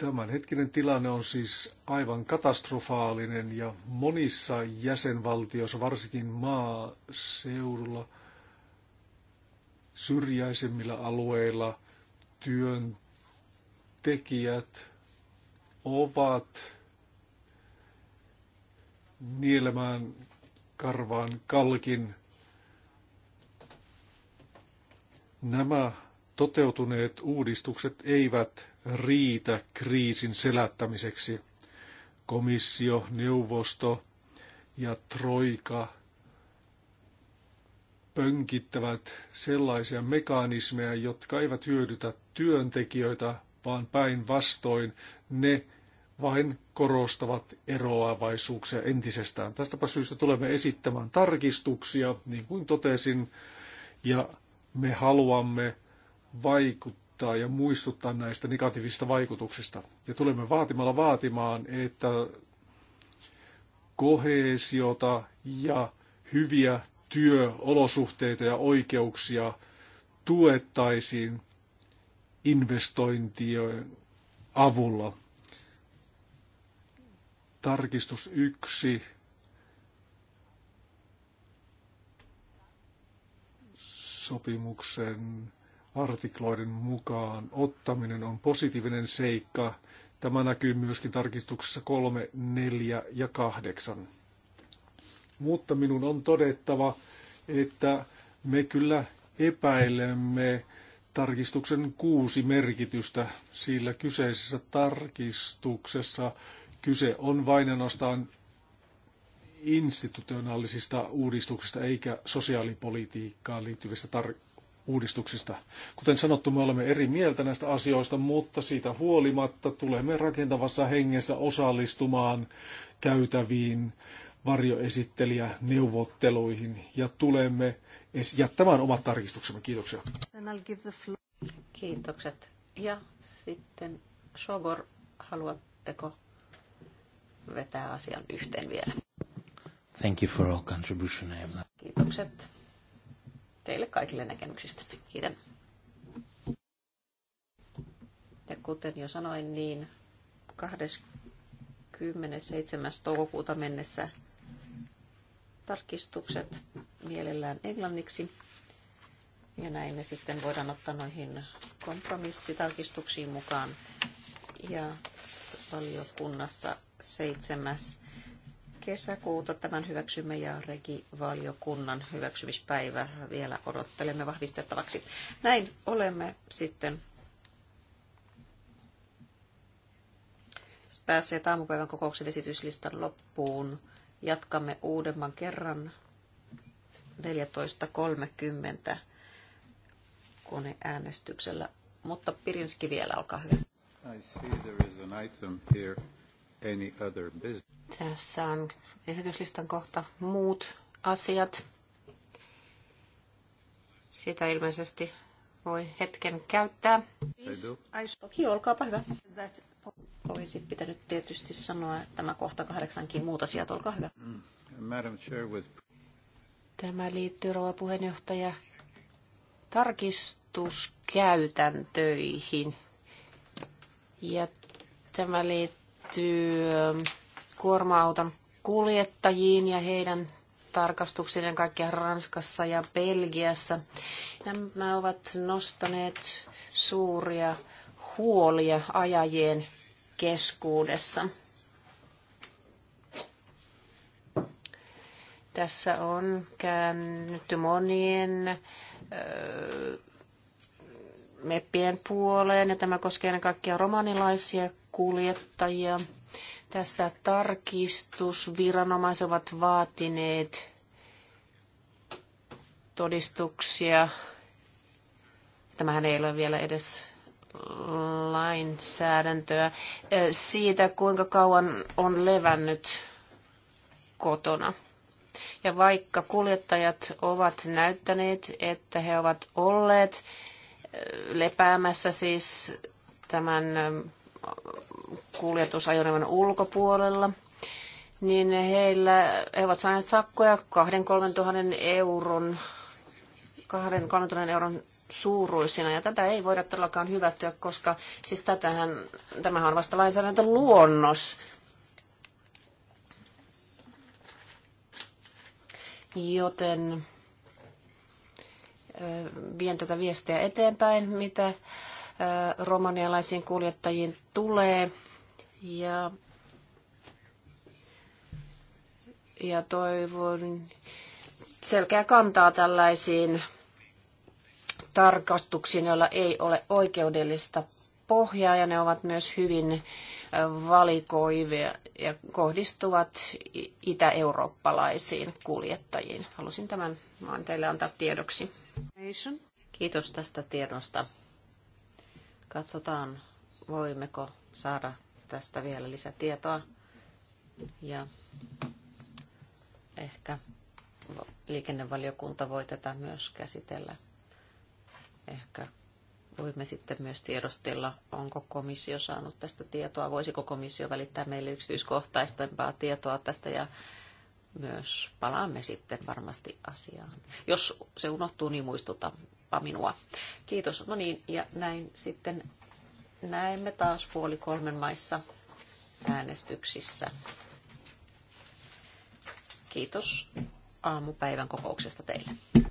Tämänhetkinen tilanne on siis aivan katastrofaalinen ja monissa jäsenvaltioissa, varsinkin maaseudulla, syrjäisemmillä alueilla, työntekijät ovat nielemään karvaan kalkin. Nämä toteutuneet uudistukset eivät riitä kriisin selättämiseksi. Komissio, neuvosto ja troika pönkittävät sellaisia mekanismeja, jotka eivät hyödytä työntekijöitä, vaan päinvastoin ne vain korostavat eroavaisuuksia entisestään. Tästäpä syystä tulemme esittämään tarkistuksia, niin kuin totesin, ja me haluamme vaikuttaa varoittaa ja muistuttaa näistä negatiivisista vaikutuksista. Ja tulemme vaatimalla vaatimaan, että kohesiota ja hyviä työolosuhteita ja oikeuksia tuettaisiin investointien avulla. Tarkistus yksi. Sopimuksen artikloiden mukaan ottaminen on positiivinen seikka. Tämä näkyy myöskin tarkistuksessa 3, 4 ja 8. Mutta minun on todettava, että me kyllä epäilemme tarkistuksen kuusi merkitystä, sillä kyseisessä tarkistuksessa kyse on vain ainoastaan institutionaalisista uudistuksista eikä sosiaalipolitiikkaan liittyvistä tar- uudistuksista. Kuten sanottu, me olemme eri mieltä näistä asioista, mutta siitä huolimatta tulemme rakentavassa hengessä osallistumaan käytäviin varjoesittelijä neuvotteluihin ja tulemme jättämään omat tarkistuksemme. Kiitoksia. Kiitokset. Ja sitten Sogor, haluatteko vetää asian yhteen vielä? Thank you for all contribution. Kiitokset teille kaikille näkemyksistänne. Kiitän. Ja kuten jo sanoin, niin 27. toukokuuta mennessä tarkistukset mielellään englanniksi. Ja näin ne sitten voidaan ottaa noihin kompromissitarkistuksiin mukaan. Ja valiokunnassa 7 kesäkuuta tämän hyväksymme ja regi hyväksymispäivä vielä odottelemme vahvistettavaksi. Näin olemme sitten päässeet aamupäivän kokouksen esityslistan loppuun. Jatkamme uudemman kerran 14.30 koneäänestyksellä. Mutta Pirinski vielä, olkaa hyvä. I see there is an item here any other business. Tässä on esityslistan kohta muut asiat. Sitä ilmeisesti voi hetken käyttää. Toki, olkaapa hyvä. Olisi pitänyt tietysti sanoa että tämä kohta kahdeksankin muut asiat, olkaa hyvä. Mm. Tämä liittyy rouva puheenjohtaja tarkistuskäytäntöihin. Ja tämä liittyy liittyy ähm, kuorma-auton kuljettajiin ja heidän tarkastuksinen kaikkia Ranskassa ja Belgiassa. Nämä ovat nostaneet suuria huolia ajajien keskuudessa. Tässä on käännytty monien äh, meppien puoleen ja tämä koskee ennen kaikkea romanilaisia, kuljettajia. Tässä tarkistusviranomaiset ovat vaatineet todistuksia. Tämähän ei ole vielä edes lainsäädäntöä siitä, kuinka kauan on levännyt kotona. Ja vaikka kuljettajat ovat näyttäneet, että he ovat olleet lepäämässä siis tämän kuljetusajoneuvon ulkopuolella, niin heillä, he ovat saaneet sakkoja 2 3000 tuhannen euron tuhannen euron suuruisina, ja tätä ei voida todellakaan hyvättyä, koska siis tätähän, tämähän on vasta luonnos, joten vien tätä viestiä eteenpäin, mitä romanialaisiin kuljettajiin tulee. Ja, ja toivon selkeä kantaa tällaisiin tarkastuksiin, joilla ei ole oikeudellista pohjaa ja ne ovat myös hyvin valikoivia ja kohdistuvat itä-eurooppalaisiin kuljettajiin. Halusin tämän vaan teille antaa tiedoksi. Kiitos tästä tiedosta. Katsotaan, voimmeko saada tästä vielä lisätietoa. Ja ehkä liikennevaliokunta voi tätä myös käsitellä. Ehkä voimme sitten myös tiedostella, onko komissio saanut tästä tietoa, voisiko komissio välittää meille yksityiskohtaistempaa tietoa tästä ja myös palaamme sitten varmasti asiaan. Jos se unohtuu, niin muistuta tappaa minua. Kiitos. No niin, ja näin sitten näemme taas puoli kolmen maissa äänestyksissä. Kiitos aamupäivän kokouksesta teille.